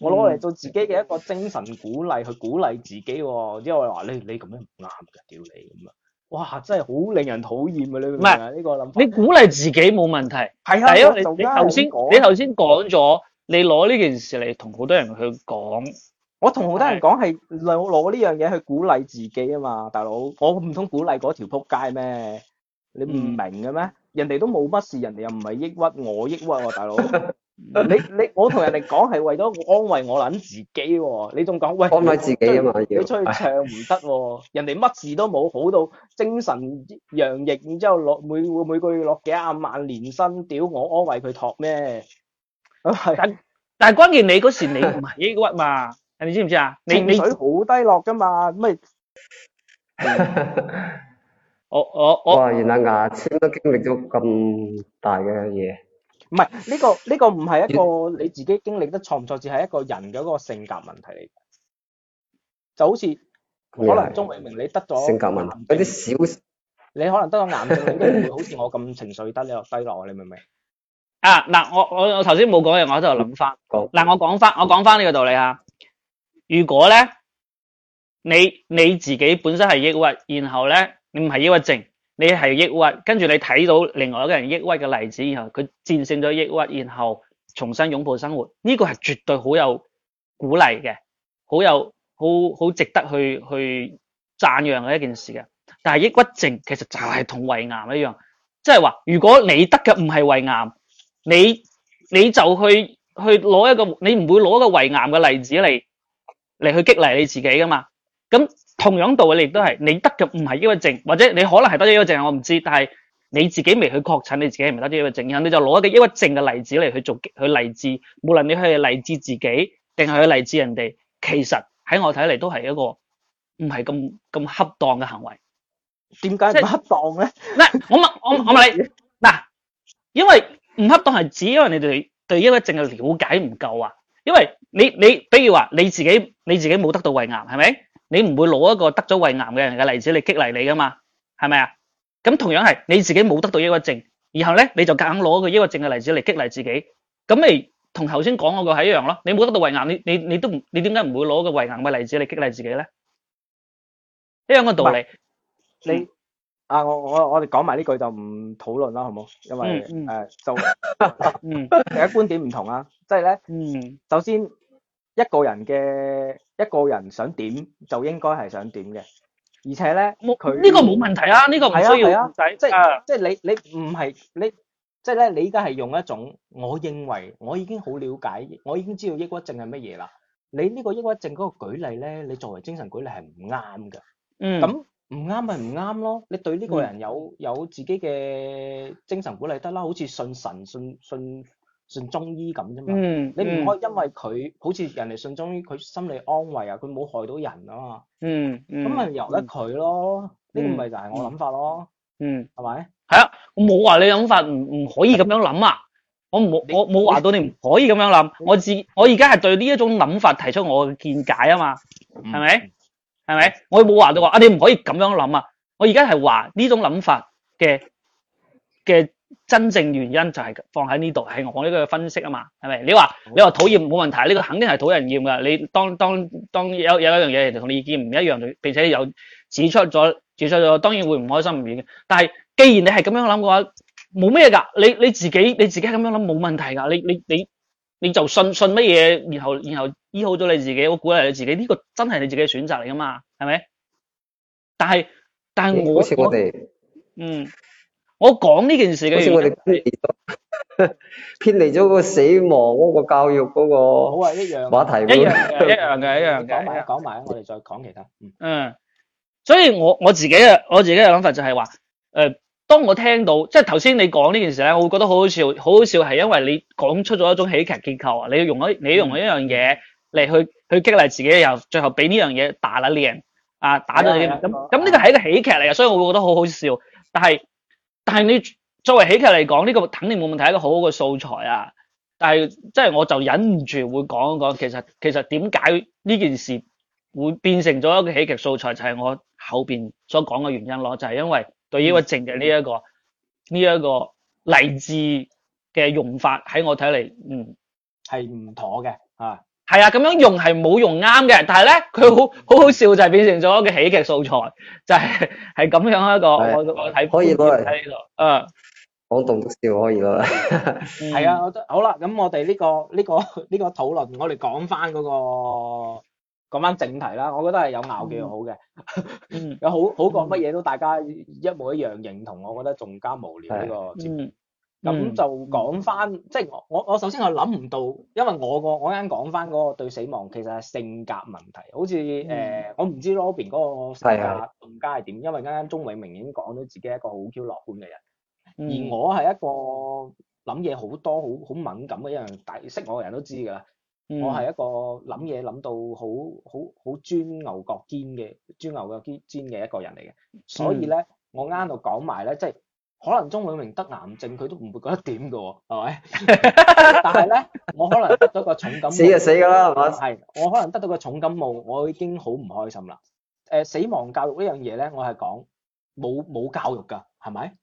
我攞嚟做自己嘅一個精神鼓勵，去鼓勵自己、哦。因為我話你你咁樣唔啱噶，屌你咁啊！哇！真係好令人討厭啊，你唔係呢個諗法。你鼓勵自己冇問題，係啊，你頭先你頭先講咗，你攞呢件事嚟同好多人去講。我同好多人講係攞攞呢樣嘢去鼓勵自己啊嘛，大佬。我唔通鼓勵嗰條撲街咩？你唔明嘅咩？嗯、人哋都冇乜事，人哋又唔係抑鬱，我抑鬱喎、啊，大佬。 (laughs) 你你我同人哋講係為咗安慰我諗自己喎，你仲講喂？安慰自己啊嘛要。你出去唱唔得，人哋乜事都冇，好到精神洋溢，然之後落每每個月落幾廿萬年薪，屌我安慰佢托咩？咁係緊，但係關鍵你嗰時你唔係抑鬱嘛？你知唔知啊？情緒好低落噶嘛？咩？我我我。哇！原來牙籤都經歷咗咁大嘅嘢。唔係呢個呢、呢個唔係一個你自己經歷得錯唔錯，只係一個人嗰個性格問題嚟嘅，就好似的可能鍾永明你得咗性格問題啲小，你可能得咗癌症 (laughs) 你都唔會好似我咁情緒得你個低落，你明唔明？啊嗱，我我我頭先冇講嘢，我喺度諗翻。嗱，我講翻我講翻呢個道理吓，如果咧你你自己本身係抑鬱，然後咧你唔係抑鬱症。你係抑鬱，跟住你睇到另外一個人抑鬱嘅例子，然後佢戰勝咗抑鬱，然後重新擁抱生活，呢個係絕對好有鼓勵嘅，好有好好值得去去讚揚嘅一件事嘅。但係抑鬱症其實就係同胃癌一樣，即係話如果你得嘅唔係胃癌，你你就去去攞一個你唔會攞個胃癌嘅例子嚟嚟去激勵你自己噶嘛，咁。同樣道理，你亦都係你得嘅唔係抑鬱症，或者你可能係得咗抑鬱症，我唔知。但係你自己未去確診，你自己係唔得咗抑鬱症，然後你就攞一啲抑鬱症嘅例子嚟去做去勵志。無論你係勵志自己定係勵志人哋，其實喺我睇嚟都係一個唔係咁咁恰當嘅行為。點解唔恰當咧？嗱，我問，我我問你嗱，因為唔恰當係指因為你對對抑鬱症嘅了解唔夠啊。因為你你，你，比如話你自己你自己冇得到胃癌，係咪？你唔會攞一個得咗胃癌嘅人嘅例子嚟激勵你㗎嘛？係咪啊？咁同樣係你自己冇得到抑鬱症，然後咧你就夾硬攞個抑鬱症嘅例子嚟激勵自己，咁咪同頭先講嗰個係一樣咯。你冇得到胃癌，你你你都你點解唔會攞個胃癌嘅例子嚟激勵自己咧？一樣嘅道理。你啊，我我我哋講埋呢句就唔討論啦，好唔好？因為誒，就嗯，大家觀點唔同啊，即係咧，嗯，首先。一個人嘅一個人想點就應該係想點嘅，而且咧，呢我他個冇問題啊，呢、這個唔需要控制、啊。即係即係你你唔係你即係咧，你而家係用一種我認為我已經好了解，我已經知道抑鬱症係乜嘢啦。你呢個抑鬱症嗰個舉例咧，你作為精神舉例係唔啱㗎。嗯，咁唔啱咪唔啱咯。你對呢個人有、嗯、有自己嘅精神鼓勵得啦，好似信神信信。信信信中醫咁啫嘛，嗯、你唔可以因為佢好似人哋信中醫，佢心理安慰啊，佢冇害到人啊嘛、嗯。嗯咁咪由得佢咯。呢、嗯、個咪就係我諗法咯。嗯，係咪吧？係啊，我冇話你諗法唔唔可以咁樣諗啊。我冇我冇話到你唔可以咁樣諗。我自我而家係對呢一種諗法提出我嘅見解啊嘛。係咪？係咪？我冇話到話啊，你唔可以咁樣諗啊。我而家係話呢種諗法嘅嘅。真正原因就係放喺呢度，係我呢個分析啊嘛，係咪？你話你話討厭冇問題，呢、這個肯定係討人厭噶。你當當當有有一樣嘢同你意見唔一樣，並且有指出咗指出咗，當然會唔開心唔願嘅。但係既然你係咁樣諗嘅話，冇咩噶。你你自己你自己係咁樣諗冇問題噶。你你你你就信信乜嘢，然後然後醫好咗你自己，我鼓勵你自己。呢、這個真係你自己嘅選擇嚟噶嘛，係咪？但係但係我、欸、我，我嗯。我講呢件事嘅、哦，好似我哋偏離咗偏離咗個死亡嗰個教育嗰個，好啊，一,一樣話題，一樣一樣嘅一樣嘅。講埋講埋我哋再講其他。嗯，所以我我自己啊，我自己嘅諗法就係話，誒、呃，當我聽到即係頭先你講呢件事咧，我會覺得好好笑，好好笑係因為你講出咗一種喜劇結構啊，你用一你用一樣嘢嚟，去去激勵自己，又最後俾呢樣嘢打到靚啊，打到你咁咁，呢個係一個喜劇嚟啊，所以我會覺得好好笑，但係。但係你作為喜劇嚟講，呢、這個肯定冇問題，一個好好嘅素材啊！但係即係我就忍唔住會講一講其，其實其實點解呢件事會變成咗一個喜劇素材，就係、是、我後邊所講嘅原因咯，就係、是、因為對於屈靖嘅呢一個呢一、嗯、個勵志嘅用法喺我睇嚟，嗯，係唔妥嘅啊。係啊，咁樣用係冇用啱嘅，但係咧佢好好好笑，就係、變成咗一個喜劇素材，就係係咁樣一個的我我睇可以過嚟睇呢度，嗯，講棟篤笑可以咯，係 (laughs) 啊，我覺得好啦，咁我哋呢、呢個呢、呢個呢、呢個討論，我哋講翻嗰個講翻正題啦，我覺得係有拗嘅好嘅，嗯、 (laughs) 有好好過乜嘢都大家一模一樣認同，我覺得仲加無聊呢個。的咁、嗯嗯、就講翻，即、就、係、是、我我我首先我諗唔到，因為我個我啱講翻嗰個對死亡其實係性格問題，好似誒、嗯呃、我唔知羅邊 Robin 嗰個性格更加係點，是是因為啱啱鍾永明已經講咗自己一個好 Q 樂觀嘅人，嗯、而我係一個諗嘢好多好好敏感嘅一樣，大識我嘅人都知㗎啦，嗯、我係一個諗嘢諗到好好好鑽牛角尖嘅，鑽牛角尖尖嘅一個人嚟嘅，所以咧、嗯、我啱啱就講埋咧即係。可能鍾永明得癌症，佢都唔會覺得點嘅喎，係咪？ (laughs) 但係咧，我可能得到個重感冒，死就死嘅啦，係我可能得到個重感冒，我已經好唔開心啦。誒、呃，死亡教育呢樣嘢咧，我係講冇冇教育㗎，係咪？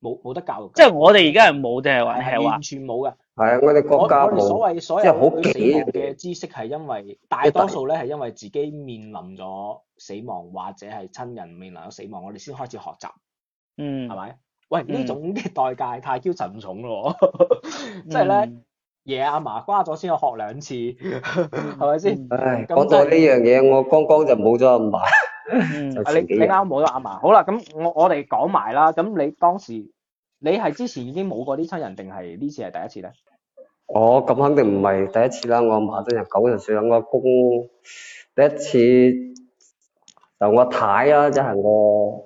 冇冇得教育。即係我哋而家係冇，即係話係完全冇㗎。係啊，我哋國，我哋所謂所有對死亡嘅知識係因為 (laughs) 大多數咧係因為自己面臨咗死亡或者係親人面臨咗死亡，我哋先開始學習。嗯。係咪？喂，呢種啲代價太嬌沉重咯，即係咧，爺阿嫲瓜咗先我學兩次，係咪先？講、呃、到呢樣嘢，我剛剛就冇咗阿嫲。嗯。 (laughs) 你你啱冇咗阿嫲。好啦，咁我我哋講埋啦。咁你當時，你係之前已經冇過啲親人，定係呢次係第一次咧？哦，咁肯定唔係第一次啦。我阿嫲真有九十歲啦，我阿公第一次太太、啊，就我太啦，即係我。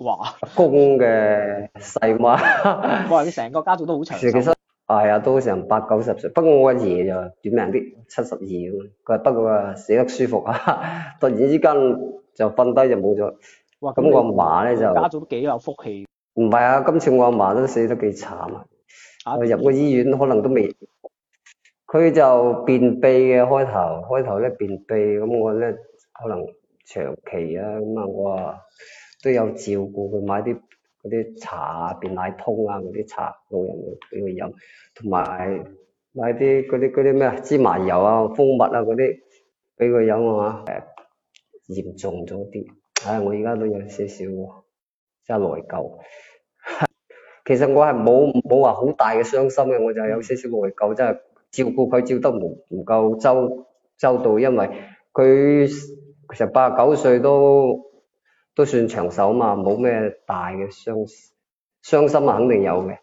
哇！阿公嘅細媽，哇！你成個家族都好長壽。其實係啊、哎，都成八九十歲。不過我阿爺就短命啲，七十二咁。佢話不過啊，死得舒服啊， (laughs) 突然之間就瞓低就冇咗。哇！咁我阿嫲咧就家族都幾有福氣。唔係啊，今次我阿嫲都死得幾慘啊！我入個醫院可能都未，佢就便秘嘅開頭，開頭咧便秘咁，我咧可能長期啊咁啊，哇！都有照顧佢，買啲嗰啲茶啊、便奶通啊嗰啲茶，老人嘅俾佢飲，同埋買啲嗰啲啲咩芝麻油啊、蜂蜜啊嗰啲俾佢飲啊嘛。誒、欸，嚴重咗啲，唉、哎，我而家都有少少真係內疚。其實我係冇冇話好大嘅傷心嘅，我就係有少少內疚，真係照顧佢照得唔唔夠周周到，因為佢其實八十九歲都，都算長壽啊嘛，冇咩大嘅傷傷心啊，肯定有嘅，mm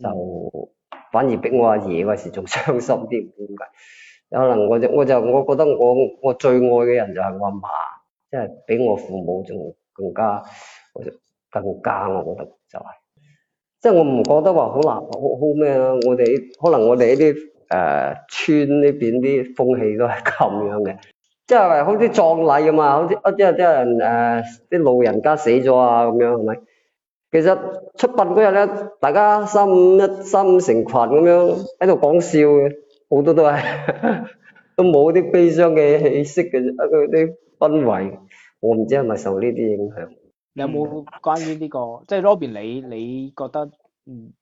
hmm. 就反而比我阿爺嗰時仲傷心啲咁解。有可能我就我就我覺得我我最愛嘅人就係我阿嫲，即係比我父母仲更加我就更加我覺得就係，即係我唔覺得話好難好好咩啊，我哋可能我哋呢啲誒村呢邊啲風氣都係咁樣嘅。即係好似葬禮咁啊，好似一啲人啲人誒，啲老人家死咗啊，咁樣係咪？其實出殯嗰日咧，大家三五一三五成群咁樣喺度講笑嘅，好多都係都冇啲悲傷嘅氣息嘅，一個啲氛圍，我唔知係咪受呢啲影響。你有冇關於呢個？即係 Robin，你你覺得嗯？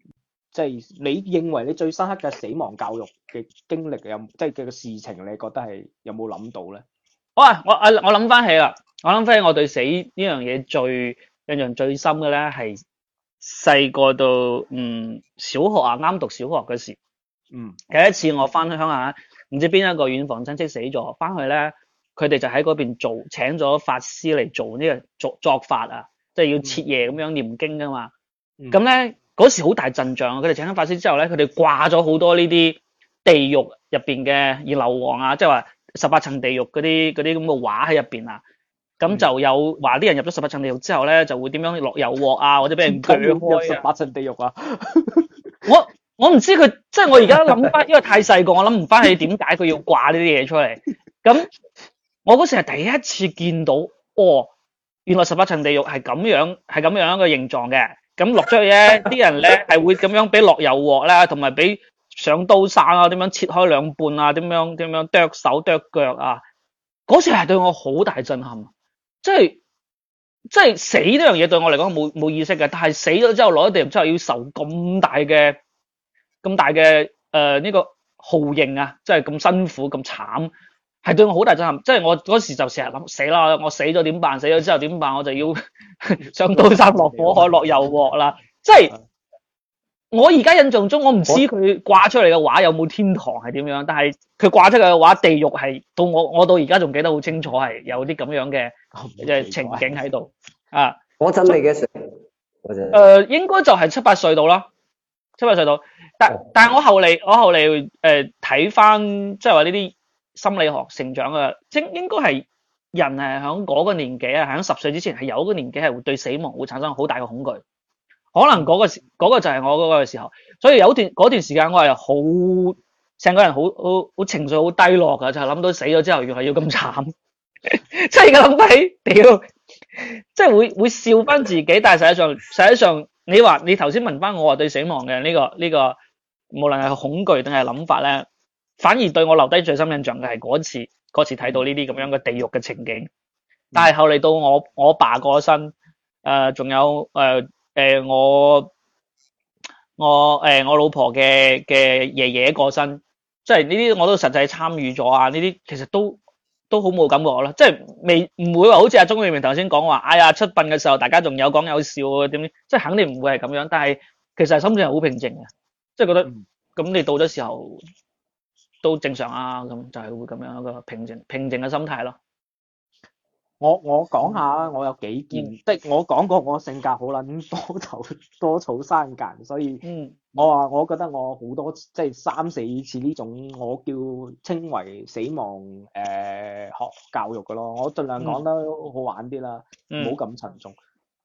即係你認為你最深刻嘅死亡教育嘅經歷有，即係嘅事情，你覺得係有冇諗到咧？好啊，我啊，我諗翻起啦，我諗翻起我對死呢樣嘢最印象最深嘅咧，係細個到嗯小學啊，啱讀小學嘅時，嗯，有一次我翻去鄉下，唔知邊一個遠房親戚死咗，翻去咧，佢哋就喺嗰邊做，請咗法師嚟做呢個作作法啊，即係要徹夜咁樣念經噶嘛，咁咧、嗯。嗰時好大陣仗，佢哋請緊法師之後咧，佢哋掛咗好多呢啲地獄入邊嘅閻羅王啊，即係話十八層地獄嗰啲啲咁嘅畫喺入邊啊。咁就有話啲人入咗十八層地獄之後咧，就會點樣落油鑊啊，或者俾人割開啊。十八層地獄啊！ (laughs) 我我唔知佢，即係我而家諗翻，因為太細個，我諗唔翻起點解佢要掛呢啲嘢出嚟。咁我嗰時係第一次見到，哦，原來十八層地獄係咁樣，係咁樣一個形狀嘅。咁落咗去咧，啲人咧係會咁樣俾落油鑊啦，同埋俾上刀山啊，點樣切開兩半啊，點樣點樣剁手剁腳啊，嗰時係對我好大震撼，即係即係死呢樣嘢對我嚟講冇冇意識嘅，但係死咗之後落咗地之後要受咁大嘅咁大嘅誒呢個酷刑啊，即係咁辛苦咁慘。係對我好大震撼，即係我嗰時就成日諗死啦！我死咗點辦？死咗之後點辦？我就要上刀山、落火海、落油鑊啦！即係我而家印象中，我唔知佢掛出嚟嘅畫有冇天堂係點樣，但係佢掛出嚟嘅畫，地獄係到我我到而家仲記得好清楚，係有啲咁樣嘅即情景喺度。 (laughs) 啊，嗰陣你幾歲？誒，應該就係七八歲到啦，七八歲到。但但係我後嚟我後嚟誒睇翻即係話呢啲。呃心理學成長嘅，即應該係人係喺嗰個年紀啊，喺十歲之前係有個年紀係會對死亡會產生好大嘅恐懼。可能嗰、嗰個時、嗰個就係我嗰個時候，所以有段嗰段時間我係好成個人好好好情緒好低落嘅，就係、係、諗到死咗之後原來要咁慘， (laughs) 真係個諗法，屌！ (laughs) (laughs) 即係會會笑翻自己，但係實際上實際上你話你頭先問翻我話對死亡嘅呢、呢個呢、呢個，無論係恐懼定係諗法咧。反而對我留低最深印象嘅係嗰次，嗰次睇到呢啲咁樣嘅地獄嘅情景。但係後嚟到我我爸過身，誒、呃，仲有誒誒、呃呃、我我誒、呃、我老婆嘅嘅爺爺過身，即係呢啲我都實際參與咗啊！呢啲其實都都好冇感覺咯，即係未唔會話好似阿鐘永明頭先講話，哎呀出殯嘅時候大家仲有講有笑點，即係肯定唔會係咁樣。但係其實心情係好平靜嘅，即係覺得咁你到咗時候。都正常啊，咁就係、是、會咁樣一個平靜、平靜嘅心態咯。我我講下我有幾堅，嗯、即係我講過我性格好撚多，多草多草生根，所以我話我覺得我好多即係三四次呢種我叫稱為死亡誒、呃、學教育嘅咯。我盡量講得好玩啲啦，唔好咁沉重。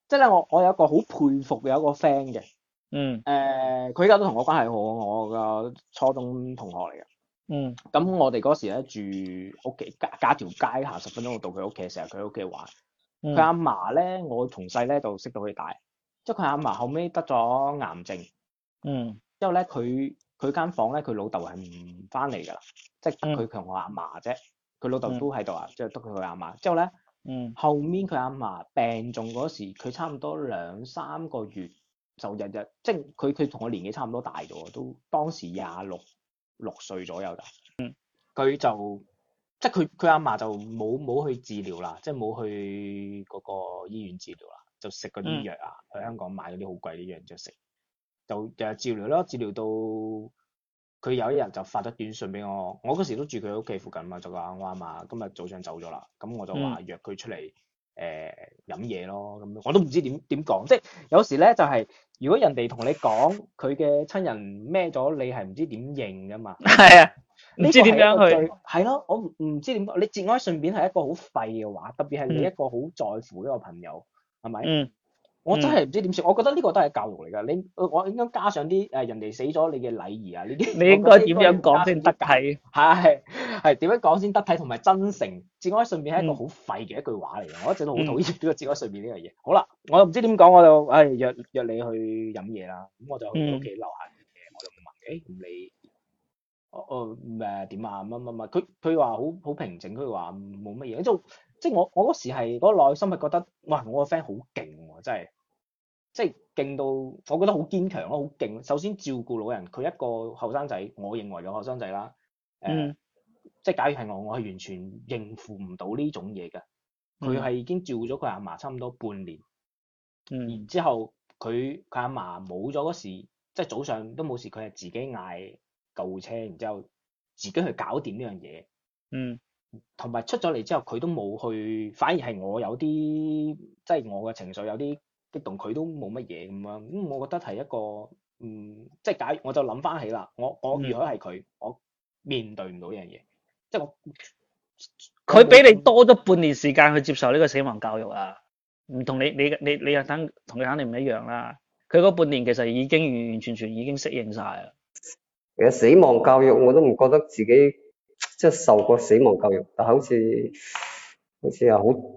即係咧，我我有一個好佩服嘅一個 friend 嘅，誒、嗯，佢依家都同我關係好，我個初中同學嚟嘅。嗯，咁我哋嗰時咧住屋企隔隔條街行十分鐘到佢屋企，成日佢屋企玩。嗯，佢阿嫲咧，我從細咧就識到佢大，即係佢阿嫲後尾得咗癌症。嗯，之後咧佢佢間房咧，佢老豆係唔翻嚟噶啦，即係佢同我阿嫲啫，佢老豆都喺度啊，即係得佢佢阿嫲。之後咧，嗯，後面佢阿嫲病重嗰時，佢差唔多兩三個月就日日日，即係佢佢同我年紀差唔多大咗，都當時廿六。六歲左右㗎，嗯，佢就即係佢佢阿嫲就冇冇去治療啦，即係冇去嗰個醫院治療啦，就食嗰啲藥啊，嗯、去香港買嗰啲好貴啲藥就食，就日日治療咯，治療到佢有一日就發咗短信俾我，我嗰時都住佢屋企附近嘛，就話我阿嫲今日早上走咗啦，咁我就話約佢出嚟。嗯誒飲嘢咯，咁樣我都唔知點點講，即係有時咧就係、是、如果人哋同你講佢嘅親人咩咗，你係唔知點應㗎嘛？係啊，唔知點樣去？係咯，我唔唔知點。你節哀順變係一個好廢嘅話，特別係你一個好在乎呢個朋友，係咪？嗯。是我真係唔知點算，我覺得呢個都係教育嚟㗎。你我應該加上啲誒人哋死咗你嘅禮儀啊！呢啲你應該點樣講先得㗎？係係係點樣講先得體同埋 (laughs) 真誠。節哀順變係一個好廢嘅一句話嚟嘅，我一直都好討厭呢個節哀順變呢樣嘢。嗯、好啦，我又唔知點講，我就誒、哎、約約你去飲嘢啦。咁我就喺屋企樓下嘅，嗯、我就問，誒、哎，咁你，誒點啊？乜乜乜？佢佢話好好平靜，佢話冇乜嘢。就即係我即我嗰時係嗰、那個內心係覺得，哇！我個 friend 好勁喎，真係。即係勁到，我覺得好堅強咯，好勁。首先照顧老人，佢一個後生仔，我認為嘅後生仔啦。誒、嗯呃，即係假如係我，我係完全應付唔到呢種嘢嘅。佢係已經照顧咗佢阿嫲差唔多半年。嗯。然之後佢佢阿嫲冇咗嗰時，即係早上都冇事，佢係自己嗌救護車，然之後自己去搞掂呢樣嘢。嗯。同埋出咗嚟之後，佢都冇去，反而係我有啲即係我嘅情緒有啲激動，佢都冇乜嘢咁樣，咁我覺得係一個嗯，即係假如我就諗返起啦，我我如果係佢，我面對唔到呢樣嘢，即係我佢比你多咗半年時間去接受呢個死亡教育啊，唔同你你你你又等同佢肯定唔一樣啦。佢嗰半年其實已經完完全全已經適應晒啦。其實死亡教育我都唔覺得自己即係受過死亡教育，但係好似好似又好。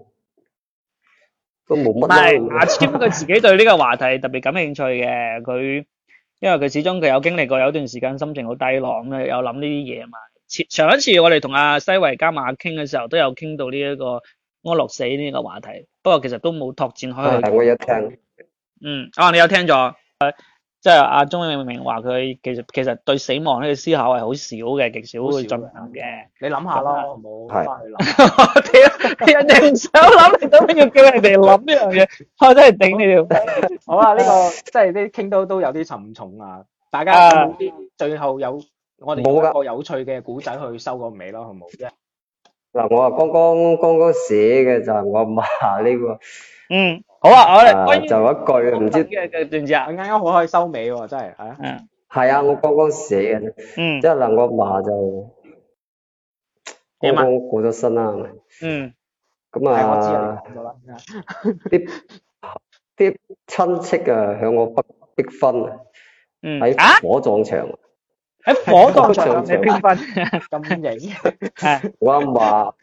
係牙籤佢自己對呢個話題特別感興趣嘅，佢因為佢始終佢有經歷過有段時間心情好低落，咁啊有諗呢啲嘢嘛。前上一次我哋同阿西維加馬傾嘅時候，都有傾到呢、這、一個安樂死呢、這個話題，不過其實都冇拓展開。係、啊、我有聽，嗯，哦、啊，你有聽咗。嗯即係阿鍾永明話佢其實其實對死亡呢個思考係好少嘅，極少會進行嘅。你諗下咯，唔好翻去諗。啲人唔想諗，你都要叫人哋諗呢樣嘢，我真係頂你條。好啊，呢吧、 (laughs) 這個即係啲傾都都有啲沉重啊。大家、啊、最後有我哋冇一個有趣嘅古仔去收個尾咯，好唔好？嗱，我啊剛剛剛剛寫嘅就係我話呢、這個嗯。好啊，好啦就一句，唔知嘅段子啊，啱啱好可以收尾喎，真係係啊，係啊，我剛剛寫嘅，嗯，即係嗱，我阿嫲就剛剛過咗身啦，係咪？嗯，咁啊，啲啲親戚啊，向我逼逼婚，嗯，喺火葬場，喺火葬場你逼婚咁型，我阿嫲，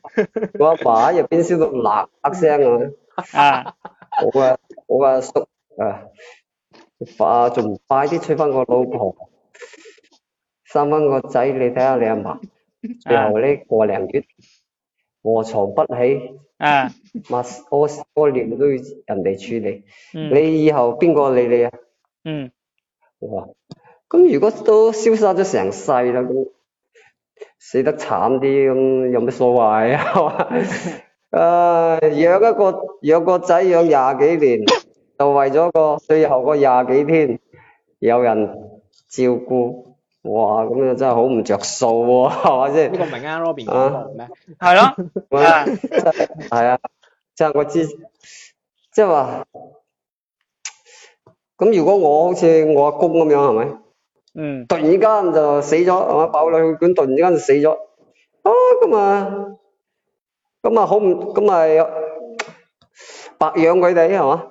我阿嫲喺入邊燒到嗱嗱聲啊！啊！我啊，我啊叔啊，快仲快啲娶翻個老婆，生翻個仔，你睇下你阿嫲，然後呢，過兩月臥床不起，啊， (laughs) 乜疴疴尿都要人哋處理，你以後邊個理你啊？嗯，哇，咁如果都消失咗成世啦，咁死得慘啲咁，有咩所謂啊？ (laughs) 誒，養一個養個仔養廿幾年，就為咗個最後個廿幾天有人照顧，哇！咁又真係好唔着數喎，係咪先？呢個明啊，Robin 講係咩？係咯，係啊，即係我知，即係話咁。如果我好似我阿公咁樣，係咪？嗯。突然間就死咗，係咪？爆裂血管，突然間就死咗，啊咁啊！咁啊，好唔咁啊，白養佢哋係嘛？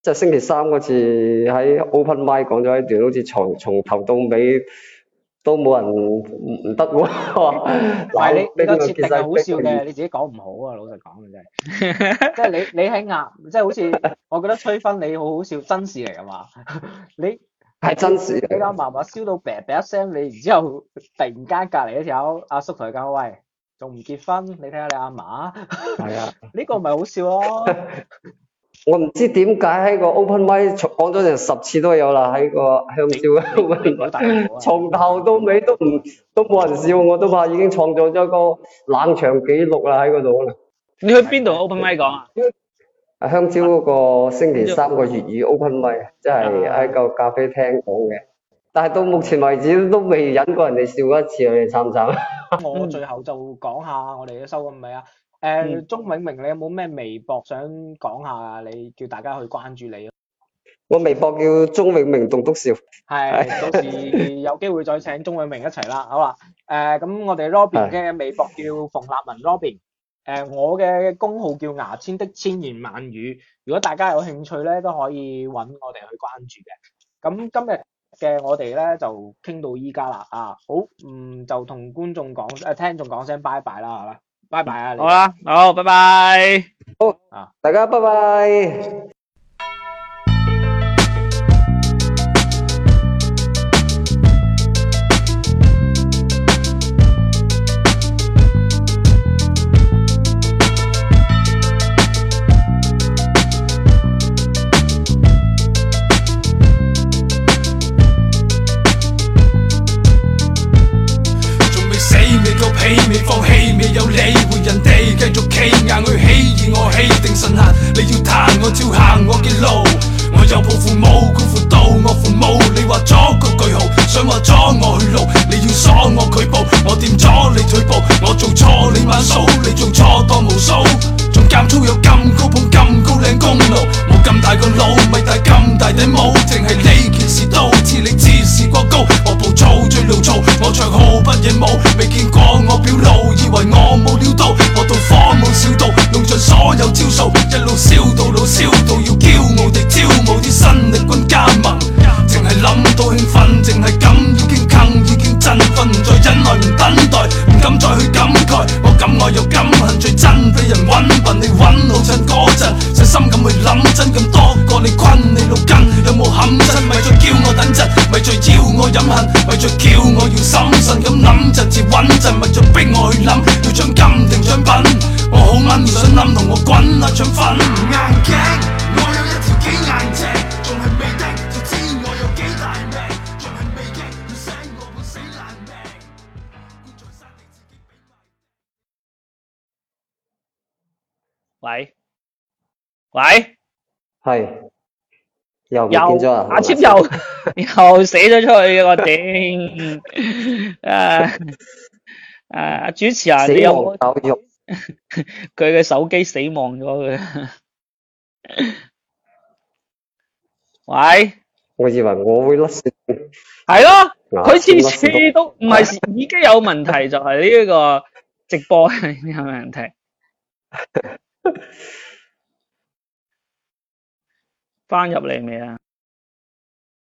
即係星期三嗰次喺 Open Mic 講咗一段，好似從從頭到尾都冇人唔得喎。唔係你嗰次其實好笑嘅，你自己講唔好啊，老實講啊，真係。即係你你喺壓，即係好似我覺得吹分你好好笑，真事嚟㗎嘛？你係真事。你阿嫲話燒到啤啤一聲你，你然之後突然間隔離呢條友阿叔同佢講喂，仲唔結婚？你睇下你阿嫲，係啊，呢個咪好笑咯！ (laughs) (laughs) 我唔知點解喺個 open mic 講咗成十次都有啦，喺個香蕉 open mic，從頭到尾都唔都冇人笑，我都怕已經創造咗個冷場記錄啦喺嗰度啊！你去邊度 open mic 講啊？香蕉嗰個星期三個粵語 open mic，即係喺個咖啡廳講嘅。但係到目前為止都未忍過人哋笑過一次，你哋慘唔慘？我最後就講下、嗯、下我哋嘅收音咪啊！誒、呃，鍾永明，你有冇咩微博想講下？你叫大家去關注你。我微博叫鍾永明棟篤笑。係是，是到時有機會再請鍾永明一齊啦，好啦？誒、呃，咁我哋 Robin 嘅微博叫馮立文 Robin。誒、呃，我嘅公號叫牙籤的籤言萬語，如果大家有興趣咧，都可以揾我哋去關注嘅。咁、嗯、今日。嘅我哋咧就傾到依家啦，啊，好，嗯，就同觀眾講，誒，聽眾講聲拜拜啦，吓，拜拜啊，好啦，好，拜拜，好啊，大家拜拜。啊 (noise) 我氣定神閒，你要彈我照行我嘅路，我有抱負，冇辜負到我父母，你話咗個句號，想話咗我去路，你要鎖我。喂，係又變咗，阿簽又又寫咗出去，我頂。誒誒，主持人你有冇？佢嘅手機死亡咗佢。喂，我以為我會甩線。係咯，佢次次都唔係耳機有問題，就係呢一個直播有問題。翻入嚟未啊？